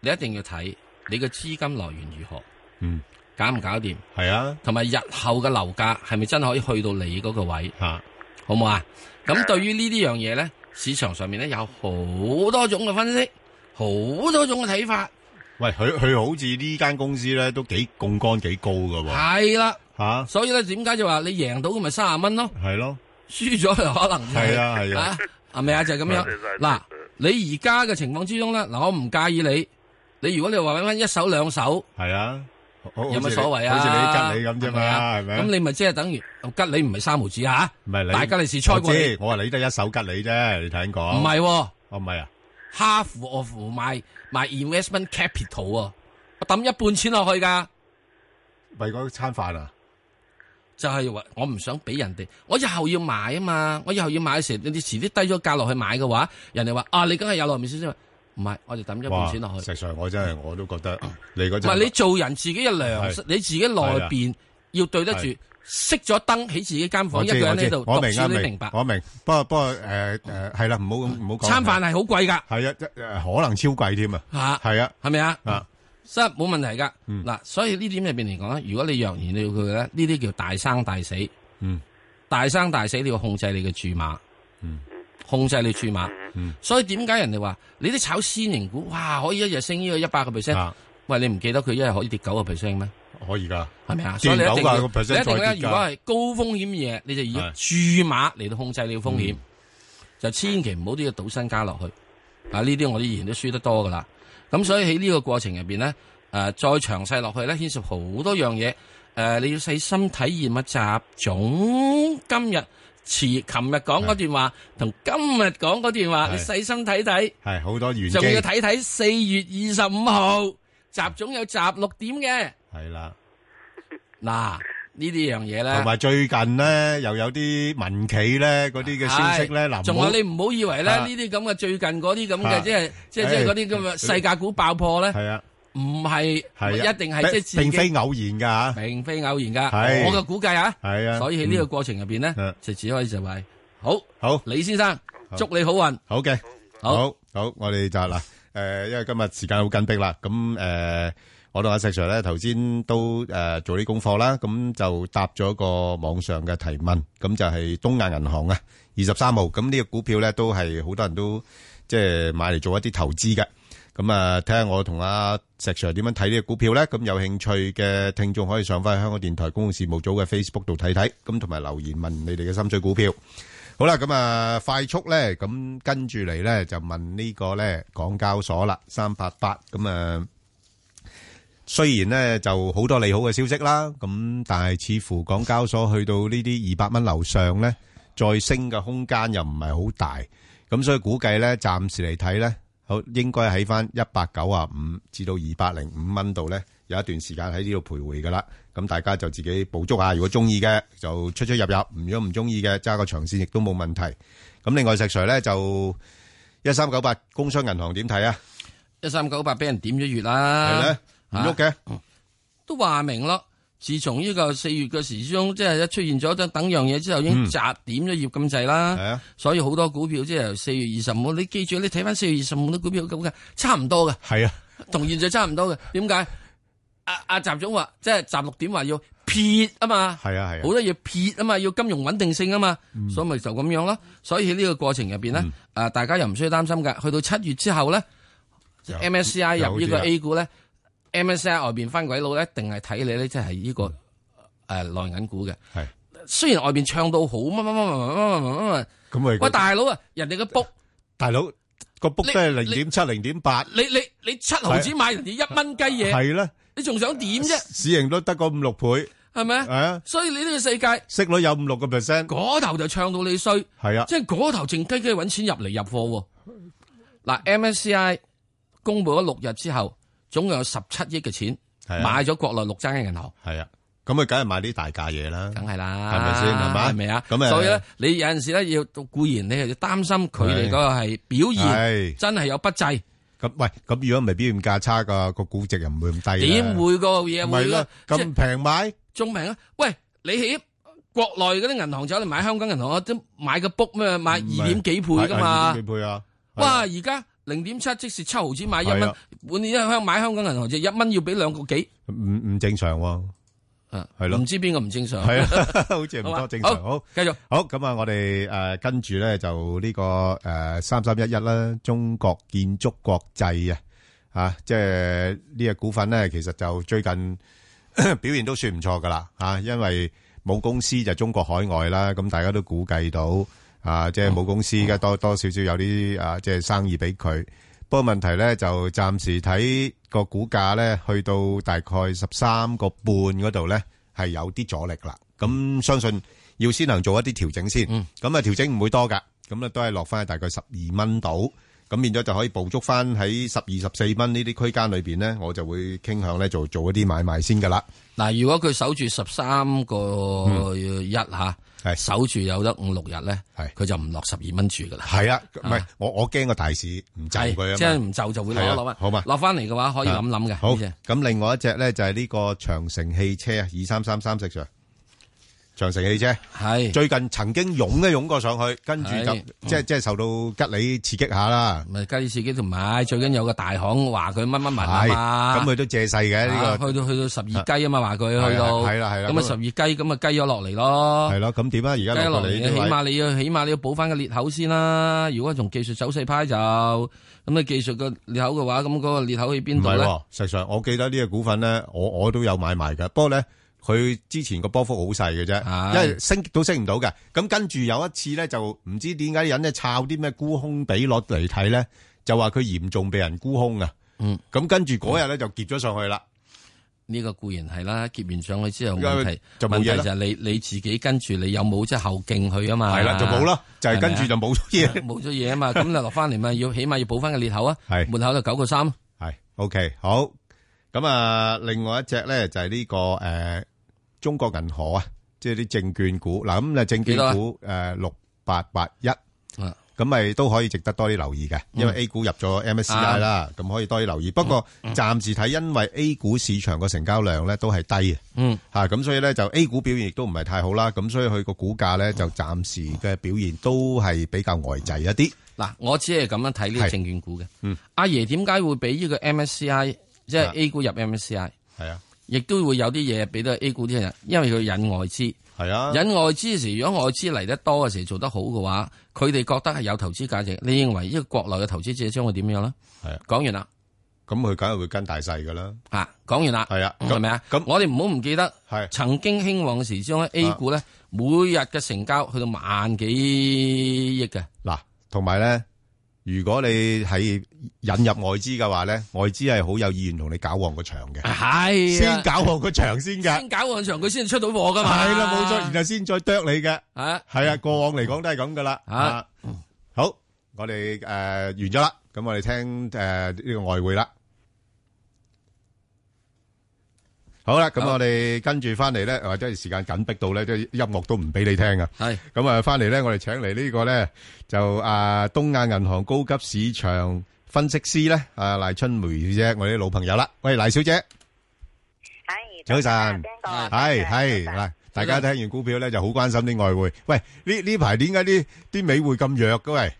你一定要睇你嘅資金來源如何，嗯，搞唔搞掂？係啊，同埋日後嘅樓價係咪真可以去到你嗰個位？吓、啊，好唔好啊？咁對於呢啲樣嘢咧，市場上面咧有好多種嘅分析，好多種嘅睇法。喂，佢佢好似呢間公司咧都幾槓桿幾高噶、啊，係啦、啊，吓、啊，所以咧點解就話你贏到咪卅蚊咯？係咯、啊，輸咗就可能係啊係啊，係咪啊，啊，啊，啊，啊？就係、係、咁樣嗱。你而家嘅情況之中咧，嗱我唔介意你，你如果你話搵翻一手兩手，係啊，有乜所謂啊？好似你吉你咁啫嘛，係咪啊？咁你咪即係等於吉你唔係三毫子吓，大吉利是菜過。我知，我話你得一手吉你啫，你聽講？唔係啊，我唔係啊。Half of my my investment capital 啊，我抌一半錢落去噶，咪嗰餐飯啊？就係話我唔想俾人哋，我以後要買啊嘛，我以後要買嘅時候你遲啲低咗價落去買嘅話，人哋話啊，你梗係有內面先先，唔係我哋等咗半錢落去。哇！實際上我真係我都覺得你唔係你做人自己嘅良心，你自己內邊要對得住，熄咗燈喺自己間房一個人喺度讀書，明白。我明，不過不過誒誒係啦，唔好唔好講。餐飯係好貴噶係啊，可能超貴添啊，係啊，係咪啊？真冇問題噶，嗱、嗯，所以呢點入邊嚟講咧，如果你若然要佢咧，呢啲叫大生大死。嗯，大生大死你要控制你嘅注碼。嗯，控制你注碼、嗯。所以點解人哋話你啲炒先營股，哇，可以一日升呢個一百個 percent？喂，你唔記得佢一日可以跌九個 percent 咩？可以噶，係咪啊？九個 percent 再跌。所以你一定咧，如果係高風險嘢，你就以注碼嚟到控制你嘅風險、嗯，就千祈唔好都要賭身家落去。啊，呢啲我哋以前都輸得多噶啦。咁所以喺呢個過程入邊咧，誒、呃，再詳細落去咧，牽涉好多樣嘢。誒、呃，你要細心體驗乜習總今日遲琴日講嗰段話，同今日講嗰段話，你細心睇睇，係好多玄機。仲要睇睇四月二十五號習總有習六點嘅，係啦，嗱、啊。呢啲樣嘢咧，同埋最近咧又有啲民企咧嗰啲嘅消息咧，嗱，仲有你唔好以為咧呢啲咁嘅最近嗰啲咁嘅，即係即係即係嗰啲咁嘅世界股爆破咧，係啊，唔係，唔一定係即係，並非偶然噶吓，並非偶然噶，我嘅估計啊，係啊，所以喺呢個過程入邊咧，就只可以成為好，好，李先生，祝你好運，好嘅，好好，我哋就係啦，誒，因為今日時間好緊迫啦，咁誒。我同阿石 Sir 咧，頭先都誒做啲功課啦，咁就答咗個網上嘅提問，咁就係東亞銀行啊，二十三號，咁呢個股票咧，都係好多人都即係買嚟做一啲投資嘅，咁啊睇下我同阿石 Sir 點樣睇呢個股票咧，咁有興趣嘅聽眾可以上翻香港電台公共事務組嘅 Facebook 度睇睇，咁同埋留言問你哋嘅心水股票。好啦，咁啊快速咧，咁跟住嚟咧就問呢個咧港交所啦，三八八，咁啊。雖然咧就好多利好嘅消息啦，咁但係似乎港交所去到呢啲二百蚊樓上咧，再升嘅空間又唔係好大，咁所以估計咧，暫時嚟睇咧，好應該喺翻一百九啊五至到二百零五蚊度咧，有一段時間喺呢度徘徊噶啦。咁大家就自己捕捉下，如果中意嘅就出出入入，如果唔中意嘅揸個長線亦都冇問題。咁另外石 Sir 咧就一三九八工商銀行點睇啊？一三九八俾人點咗穴啦。係咧。喐、啊、嘅，okay. oh. 都話明咯。自從呢個四月嘅時鐘，即係一出現咗，等等樣嘢之後，已經集點咗業咁滯啦。係啊，所以好多股票即係由四月二十五，你記住，你睇翻四月二十五啲股票咁嘅，差唔多嘅。係啊，同現在差唔多嘅。點解？阿阿習總話，即係習六點話要，啊啊、要撇啊嘛。係啊係啊，好多嘢撇啊嘛，要金融穩定性啊嘛，mm. 所，所以咪就咁樣啦。所以喺呢個過程入邊咧，誒、mm. 啊，大家又唔需要擔心噶。去到七月之後咧，MSCI 入呢個 A 股咧。股呢 MSCI 外邊翻鬼佬咧，一定係睇你咧，即係呢個誒內銀股嘅。係雖然外邊唱到好，咁咪喂大佬啊，人哋個 book 大佬個 book 都係零點七、零點八。你你你七毫紙買人哋一蚊雞嘢，係啦。你仲想點啫？市盈率得個五六倍，係咪？係啊。所以你呢個世界息率有五六個 percent，嗰頭就唱到你衰，係啊。即係嗰頭靜雞雞揾錢入嚟入貨。嗱，MSCI 公布咗六日之後。總共有十七億嘅錢買咗國內六間銀行，係啊，咁佢梗係買啲大價嘢啦，梗係啦，係咪先？係咪啊？咁啊，所以咧，你有陣時咧要固然你係要擔心佢哋嗰個係表現，真係有不濟。咁喂，咁如果唔係表現價差噶個估值又唔會咁低，點會個嘢會咁平買仲平啊？喂，你喺國內嗰啲銀行走嚟買香港銀行，都買個 book 咩買二點幾倍噶嘛？二點幾倍啊？哇！而家。零點七即是七毫紙買一蚊，本年一向買香港銀行就一蚊要俾兩個幾，唔唔正常喎。啊，係咯，唔知邊個唔正常？係啊，好似唔多正常。好，繼續好咁啊，我哋誒跟住咧就呢個誒三三一一啦，中國建築國際啊，啊，即係呢隻股份咧，其實就最近表現都算唔錯噶啦，啊，因為冇公司就中國海外啦，咁大家都估計到。啊，即係冇公司而家，嗯、多多少少有啲啊，即係生意俾佢。不過問題咧，就暫時睇個股價咧，去到大概十三個半嗰度咧，係有啲阻力啦。咁、嗯、相信要先能做一啲調整先。咁、嗯、啊，調整唔會多噶。咁啊，都係落翻大概十二蚊度。咁變咗就可以捕捉翻喺十二十四蚊呢啲區間裏邊咧，我就會傾向咧做做一啲買賣先噶啦。嗱，如果佢守住十三個一吓。嗯係是守住有得五六日咧，係佢是就唔落十二蚊住噶啦。係啊，唔係吧我我驚個大市唔就佢啊，即係唔就就會落一落啊。好嘛？落翻嚟嘅話可以諗諗嘅。好，嘅只，咁另外一隻咧就係、是、呢個長城汽車啊，二三三三十上。長城汽車係最近曾經湧一湧過上去，跟住就、嗯、即係即係受到吉利刺激下啦。吉利刺激同埋，最緊有個大行話佢乜乜文咁佢都借勢嘅呢個。去到去、啊、去到十二雞啊嘛，話佢去到係啦係啦，咁啊十二雞咁啊雞咗落嚟咯。係咯，咁點啊？而家雞落嚟，起碼你要起碼你要補翻個裂口先啦、啊。如果從技術走勢派就咁你技術個裂口嘅話，咁嗰個裂口去邊度咧？事、啊、實上，我記得呢個股份咧，我我都有買埋㗎。不過咧。佢之前個波幅好細嘅啫，因為升都升唔到嘅。咁跟住有一次咧，就唔知點解人咧抄啲咩沽空比率嚟睇咧，就話佢嚴重被人沽空啊。嗯，咁跟住嗰日咧就夾咗上去啦。呢、嗯這個固然係啦，夾完上去之後問題就冇嘢，問就你你自己跟住你有冇即後勁去啊嘛？係啦，就冇咯就係、是、跟住就冇咗嘢，冇咗嘢啊嘛。咁就落翻嚟嘛， 要起碼要補翻個裂口啊。係，門口就九個三係係，OK，好。咁啊，另外一隻咧就係呢、這個誒。呃中國銀河啊，即係啲證券股嗱，咁啊證券股誒六八八一，咁咪都可以值得多啲留意嘅，因為 A 股入咗 MSCI 啦，咁可以多啲留意。不過暫時睇，因為 A 股市場個成交量咧都係低嘅，吓咁所以咧就 A 股表現亦都唔係太好啦，咁所以佢個股價咧就暫時嘅表現都係比較呆滯一啲。嗱，我只係咁樣睇呢啲證券股嘅。阿爺點解會俾呢個 MSCI，即係 A 股入 MSCI？係啊。亦都會有啲嘢俾到 A 股啲人，因為佢引外資係啊，引外資時，如果外資嚟得多嘅時候，做得好嘅話，佢哋覺得係有投資價值。你認為一個國內嘅投資者將會點樣呢？係啊，講完啦，咁佢梗係會跟大細噶啦嚇。講完啦，係啊，係咪啊？咁、嗯啊、我哋唔好唔記得、啊、曾經興旺時，將 A 股咧每日嘅成交去到萬幾億嘅嗱，同埋咧。如果你係引入外資嘅話咧，外資係好有意願同你搞旺個場嘅，係的先搞旺個場先㗎，先搞旺場佢先出到貨㗎嘛，係啦冇錯，然後先再啄你嘅，係啊，過往嚟講都係咁噶啦，好，我哋誒、呃、完咗啦，咁我哋聽誒呢、呃呢個外匯啦。好啦，咁我哋跟住翻嚟咧，或者時間緊迫到咧，即係音樂都唔俾你聽啊！係，咁啊翻嚟咧，我哋請嚟呢個咧就啊東亞銀行高級市場分析師咧啊賴春梅小姐，我哋啲老朋友啦，喂賴小姐，唉早晨，係係，大家聽完股票咧就好關心啲外匯，喂呢呢排點解啲啲美匯咁弱嘅喂？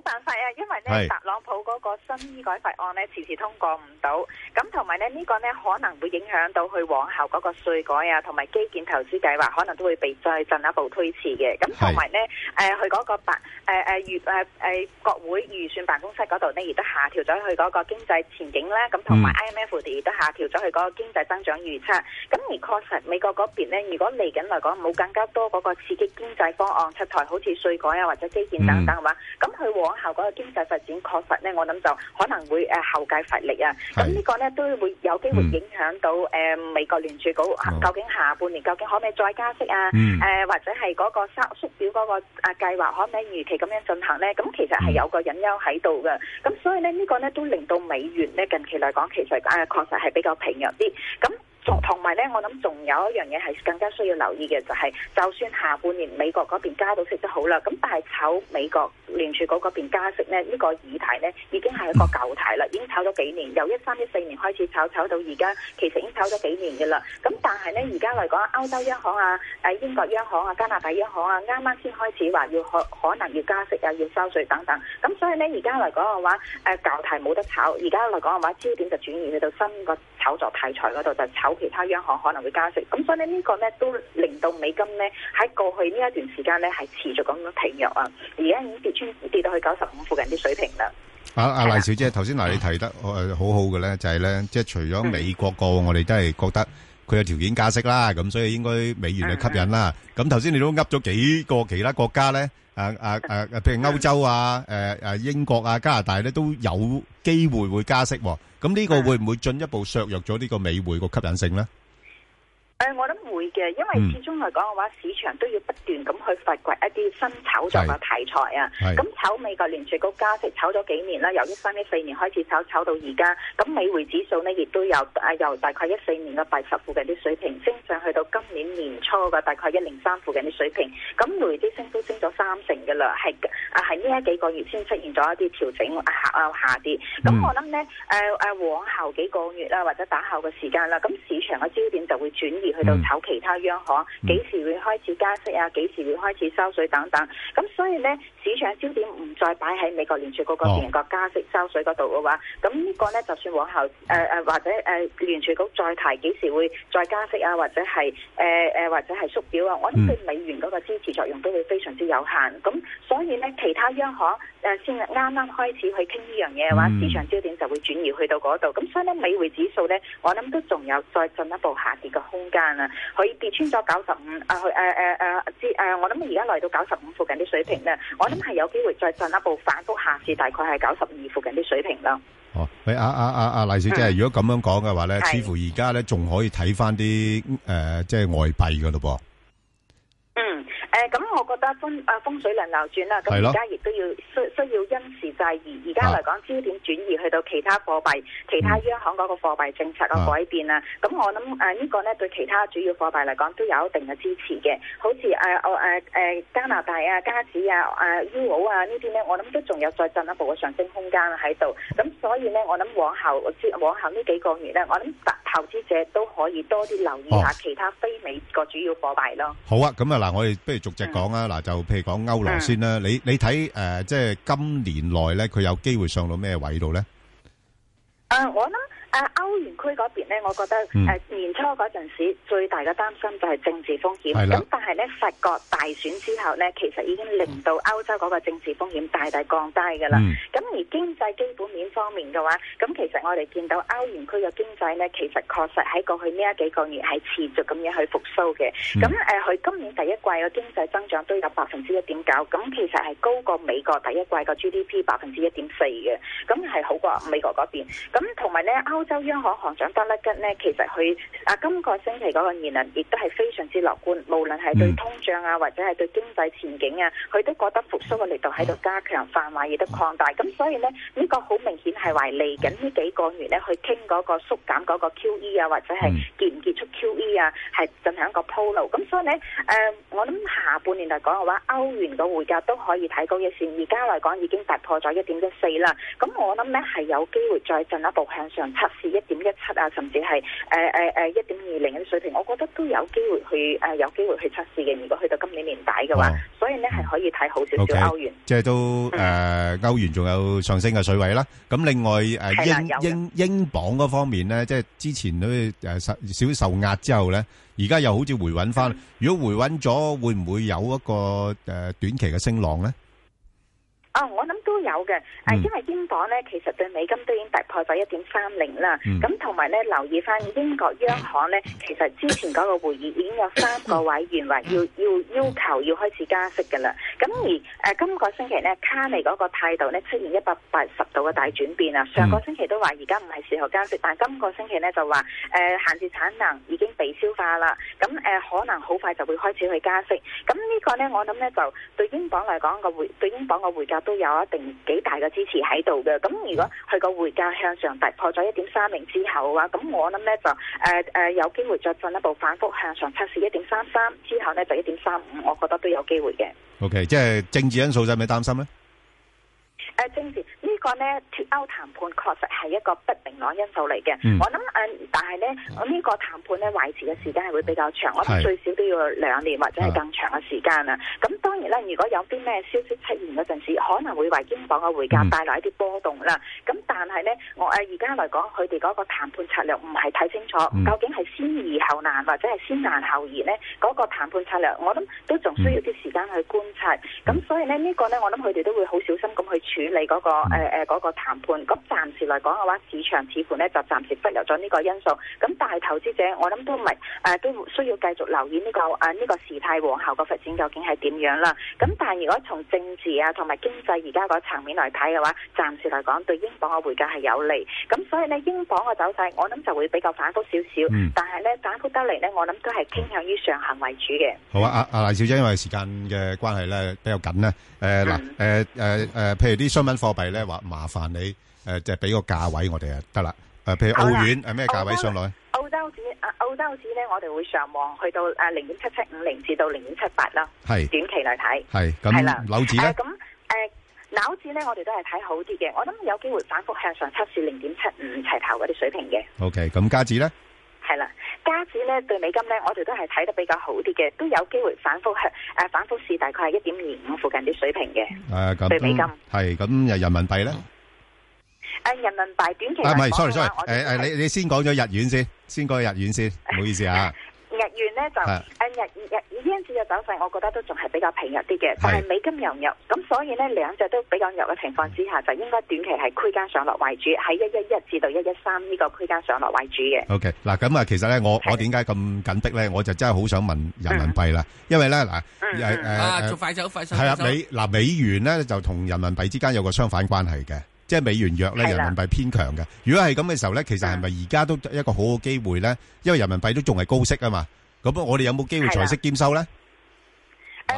冇辦法呀，因為咧特朗普嗰個新醫改法案呢，遲遲通過唔到，咁同埋咧呢、呢個呢，可能會影響到佢往後嗰個稅改啊，同埋基建投資計劃可能都會被再進一步推遲嘅。咁同埋呢，誒佢嗰個白誒誒預誒誒國會預算辦公室嗰度呢，亦都下調咗佢嗰個經濟前景啦、啊，咁同埋 IMF 亦都下調咗佢嗰個經濟增長預測。咁而確實美國嗰邊咧，如果嚟緊嚟講冇更加多嗰個刺激經濟方案出台，好似稅改啊或者基建等等嘅、啊、話，咁佢往效果嘅經濟發展確實咧，我諗就可能會誒、呃、後繼乏力啊。咁呢個咧都會有機會影響到、嗯呃、美國聯儲局究竟下半年究竟可唔可以再加息啊？嗯呃、或者係嗰個縮表嗰個計計劃可唔可以如期咁樣進行咧？咁其實係有個隱憂喺度嘅。咁、嗯、所以咧呢、呢個咧都令到美元咧近期嚟講，其實啊確實係比較疲弱啲。咁同同埋咧，我諗仲有一樣嘢係更加需要留意嘅，就係、是、就算下半年美國嗰邊加到息都好啦，咁但係炒美國。聯儲局嗰邊加息咧，呢、這個議題呢，已經係一個舊題啦，已經炒咗幾年，由一三一四年開始炒，炒到而家，其實已經炒咗幾年嘅啦。咁但係呢，而家嚟講，歐洲央行啊、誒英國央行啊、加拿大央行啊，啱啱先開始話要可可能要加息啊，要收稅等等。咁所以呢，而家嚟講嘅話，誒、啊、舊題冇得炒，而家嚟講嘅話焦點就轉移去到新個炒作題材嗰度，就是、炒其他央行可能會加息。咁所以咧，呢、這個呢，都令到美金呢喺過去呢一段時間呢，係持續咁樣疲弱啊，而家已經跌。跌到去九十五附近啲水平啦。阿阿賴小姐，頭先嗱你提得誒好好嘅咧，就係咧，即係除咗美國個，我哋都係覺得佢有條件加息啦。咁所以應該美元嘅吸引啦。咁頭先你都噏咗幾個其他國家咧，誒誒誒，譬如歐洲啊，誒誒英國啊，加拿大咧都有機會會加息。咁呢個會唔會進一步削弱咗呢個美匯個吸引性咧？誒，我諗會嘅，因為始終嚟講嘅話，市場都要不斷咁去發掘一啲新炒作嘅題材啊。咁炒美國聯儲局加息炒咗幾年啦，由一三一四年開始炒，炒到而家。咁美匯指數呢，亦都有、啊、由大概一四年嘅八十附近啲水平升上去到今年年初嘅大概一零三附近啲水平。咁累積升都升咗三成嘅啦，係啊係呢一幾個月先出現咗一啲調整、啊啊、下下跌。咁、嗯、我諗呢，誒、啊、誒、啊、往後幾個月啦或者打後嘅時間啦，咁市場嘅焦點就會轉移。嗯、去到炒其他央行，幾、嗯、時會開始加息啊，幾時會開始收水等等。咁所以呢，市場焦點唔再擺喺美國聯儲局個邊個加息、哦、收水嗰度嘅話，咁呢個呢，就算往後誒誒、呃、或者誒聯儲局再提幾時會再加息啊，或者係誒誒或者係縮表啊，我諗對美元嗰個支持作用都會非常之有限。咁所以呢，其他央行誒、呃、先啱啱開始去傾呢樣嘢嘅話、嗯，市場焦點就會轉移去到嗰度。咁所以呢，美匯指數呢，我諗都仲有再進一步下跌嘅空間。可以跌穿咗九十五，誒誒誒誒，接、呃、誒、呃，我諗而家嚟到九十五附近啲水平咧，我諗係有機會再進一步反覆下至大概係九十二附近啲水平啦。哦，喂、哎，阿啊啊啊黎小姐，嗯、如果咁樣講嘅話咧，似乎而家咧仲可以睇返啲誒，即、呃、係、就是、外幣噶咯噃。嗯。誒、嗯，咁、嗯、我覺得風啊風水輪流轉啦，咁而家亦都要需需要因時制宜。而家嚟講焦點轉移去到其他貨幣、其他央行嗰個貨幣政策嘅改變啦。咁、嗯啊、我諗誒呢個呢對其他主要貨幣嚟講都有一定嘅支持嘅。好似誒我誒誒加拿大啊、加紙啊、誒 Euro 啊呢啲、啊、呢，我諗都仲有再進一步嘅上升空間喺度。咁所以呢，我諗往後我知往後呢幾個月呢，我諗投資者都可以多啲留意下其他非美國主要貨幣咯。好啊，咁啊嗱，我哋不如。逐隻講啊，嗱就譬如講歐羅先啦，你你睇誒，即係今年內咧，佢有機會上到咩位度咧？誒，我咧。啊，歐元區嗰邊咧，我覺得誒、嗯啊、年初嗰陣時最大嘅擔心就係政治風險，咁但係咧法國大選之後咧，其實已經令到歐洲嗰個政治風險大大降低㗎喇。咁、嗯、而經濟基本面方面嘅話，咁其實我哋見到歐元區嘅經濟咧，其實確實喺過去呢一幾個月係持續咁樣去復甦嘅。咁、嗯、誒，佢今年第一季嘅經濟增長都有百分之一點九，咁其實係高過美國第一季個 GDP 百分之一點四嘅，咁係好過美國嗰邊。咁同埋咧歐歐洲央行行長德拉吉咧，其實佢啊今個星期嗰個言論亦都係非常之樂觀，無論係對通脹啊，或者係對經濟前景啊，佢都覺得復甦嘅力度喺度加強，範圍亦都擴大。咁所以呢，呢、呢個好明顯係為嚟緊呢幾個月呢去傾嗰個縮減嗰個 QE 啊，或者係結唔結束 QE 啊，係進行一個鋪路。咁所以呢，誒、呃，我諗下半年嚟講嘅話，歐元嘅匯價都可以睇高一線。而家嚟講已經突破咗一點一四啦。咁我諗呢係有機會再進一步向上測。是一點一七啊，甚至係誒誒誒一點二零嘅水平，我覺得都有機會去誒有機會去測試嘅。如果去到今年年底嘅話，所以呢係可以睇好少少歐元，即係都誒歐元仲有上升嘅水位啦。咁另外誒英英英鎊嗰方面呢，即係之前都誒少少受壓之後呢，而家又好似回穩翻。如果回穩咗，會唔會有一個誒短期嘅升浪呢？啊，我諗。都有嘅，誒，因為英鎊咧，其實對美金都已經突破咗一點三零啦。咁同埋咧，留意翻英國央行咧，其實之前嗰個會議已經有三個委員話要要要求要開始加息㗎啦。咁而誒、呃、今個星期咧，卡尼嗰個態度咧出現一百八十度嘅大轉變喇！上個星期都話而家唔係時候加息，但係今個星期咧就話誒、呃、限制產能已經被消化啦。咁、呃、誒可能好快就會開始去加息。咁呢個咧，我諗咧就對英鎊嚟講個匯對英鎊嘅匯價都有一定幾大嘅支持喺度嘅，咁如果佢個匯價向上突破咗一點三零之後嘅話，咁我諗呢就誒誒、呃呃、有機會再進一步反覆向上測試一點三三之後呢，就一點三五，我覺得都有機會嘅。OK，即係政治因素就係咪擔心呢？誒、呃，正、這個、是呢個咧，脫歐談判確實係一個不明朗因素嚟嘅、嗯。我諗但係呢，我、這、呢個談判呢維持嘅時間係會比較長，我諗最少都要兩年或者係更長嘅時間啦。咁、嗯、當然啦，如果有啲咩消息出現嗰陣時，可能會為英鎊嘅匯價帶來一啲波動啦。咁、嗯、但係呢，我而家嚟講，佢哋嗰個談判策略唔係太清楚，嗯、究竟係先易後難或者係先難後易呢？嗰、那個談判策略，我諗都仲需要啲時間去觀察。咁、嗯、所以呢，呢、這個呢，我諗佢哋都會好小心咁去處。你、嗯、嗰、那個誒個嗰個談判，咁暫時嚟講嘅話，市場似乎呢就暫時忽略咗呢個因素。咁但係投資者，我諗都唔係誒，都需要繼續留意呢、這個誒呢、呃這個事態往後嘅發展究竟係點樣啦。咁但係如果從政治啊同埋經濟而家個層面嚟睇嘅話，暫時嚟講對英鎊嘅匯價係有利。咁所以呢，英鎊嘅走勢，我諗就會比較反覆少少、嗯。但係呢，反覆得嚟呢，我諗都係傾向於上行為主嘅。好啊，阿阿賴小姐，因為時間嘅關係咧比較緊呢。誒嗱誒誒誒，譬如啲。新蚊貨幣咧，話麻煩你誒，即係、呃、俾個價位我哋啊，得啦。誒，譬如澳元，係咩價位上來？澳洲紙、嗯、啊，澳洲紙咧，我哋會上望去到誒零點七七五零至到零點七八啦。係短期嚟睇，係咁係啦。紐紙咧，咁誒，紐紙咧，我哋都係睇好啲嘅。我諗有機會反覆向上測試零點七五齊頭嗰啲水平嘅。O K，咁加紙咧。係啦，加紙咧對美金咧，我哋都係睇得比較好啲嘅，都有機會反覆向誒反覆試，大概係一點二五附近啲水平嘅。誒，對美金係咁，又人民幣咧？誒，人民幣短期唔係，sorry，sorry，誒誒，你你先講咗日元先，先講日元先，唔好意思啊。日元咧就，誒日日以呢隻嘅走勢，我覺得都仲係比較平日啲嘅，是但係美金又弱，咁所以呢兩隻都比較弱嘅情況之下，就應該短期係區間上落為主，喺一一一至到一一三呢個區間上落為主嘅。O K，嗱咁啊，其實咧我是我點解咁緊迫咧？我就真係好想問人民幣啦，嗯、因為咧嗱，誒、嗯啊、快走啊美嗱走走、啊、美元咧就同人民幣之間有個相反關係嘅。即係美元弱咧，人民幣偏強嘅。是的，如果係咁嘅時候呢，其實係咪而家都一個好嘅機會呢？因為人民幣都仲係高息啊嘛。咁我哋有冇機會財息兼收呢？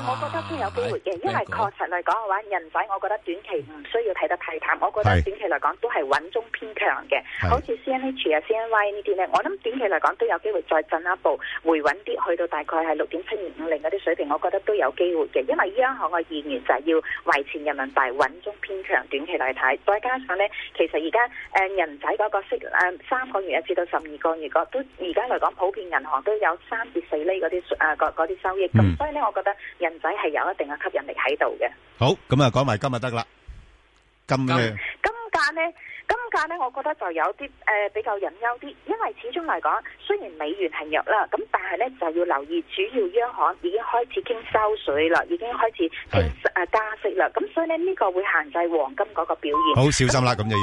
我覺得都有機會嘅，因為確實嚟講嘅話，人仔我覺得短期唔需要睇得太淡，我覺得短期嚟講都係穩中偏強嘅，好似 CNH 啊、CNY 呢啲咧，我諗短期嚟講都有機會再進一步回穩啲，去到大概係六點七二五零嗰啲水平，我覺得都有機會嘅，因為央行嘅意願就係要維持人民幣穩中偏強，短期嚟睇，再加上咧，其實而家人仔嗰個息三個月至到十二個月個都而家嚟講普遍銀行都有三至四厘嗰啲啲收益，咁、嗯、所以咧我覺得。人仔係有一定嘅吸引力喺度嘅。好，咁啊，講埋今日得啦。金價？金價呢，金價呢，呢我覺得就有啲誒、呃、比較隱憂啲，因為始終嚟講，雖然美元係弱啦，咁但係呢，就要留意，主要央行已經開始傾收水啦，已經開始誒、啊、加息啦，咁所以呢，呢、這個會限制黃金嗰個表現。好小心啦，咁就要。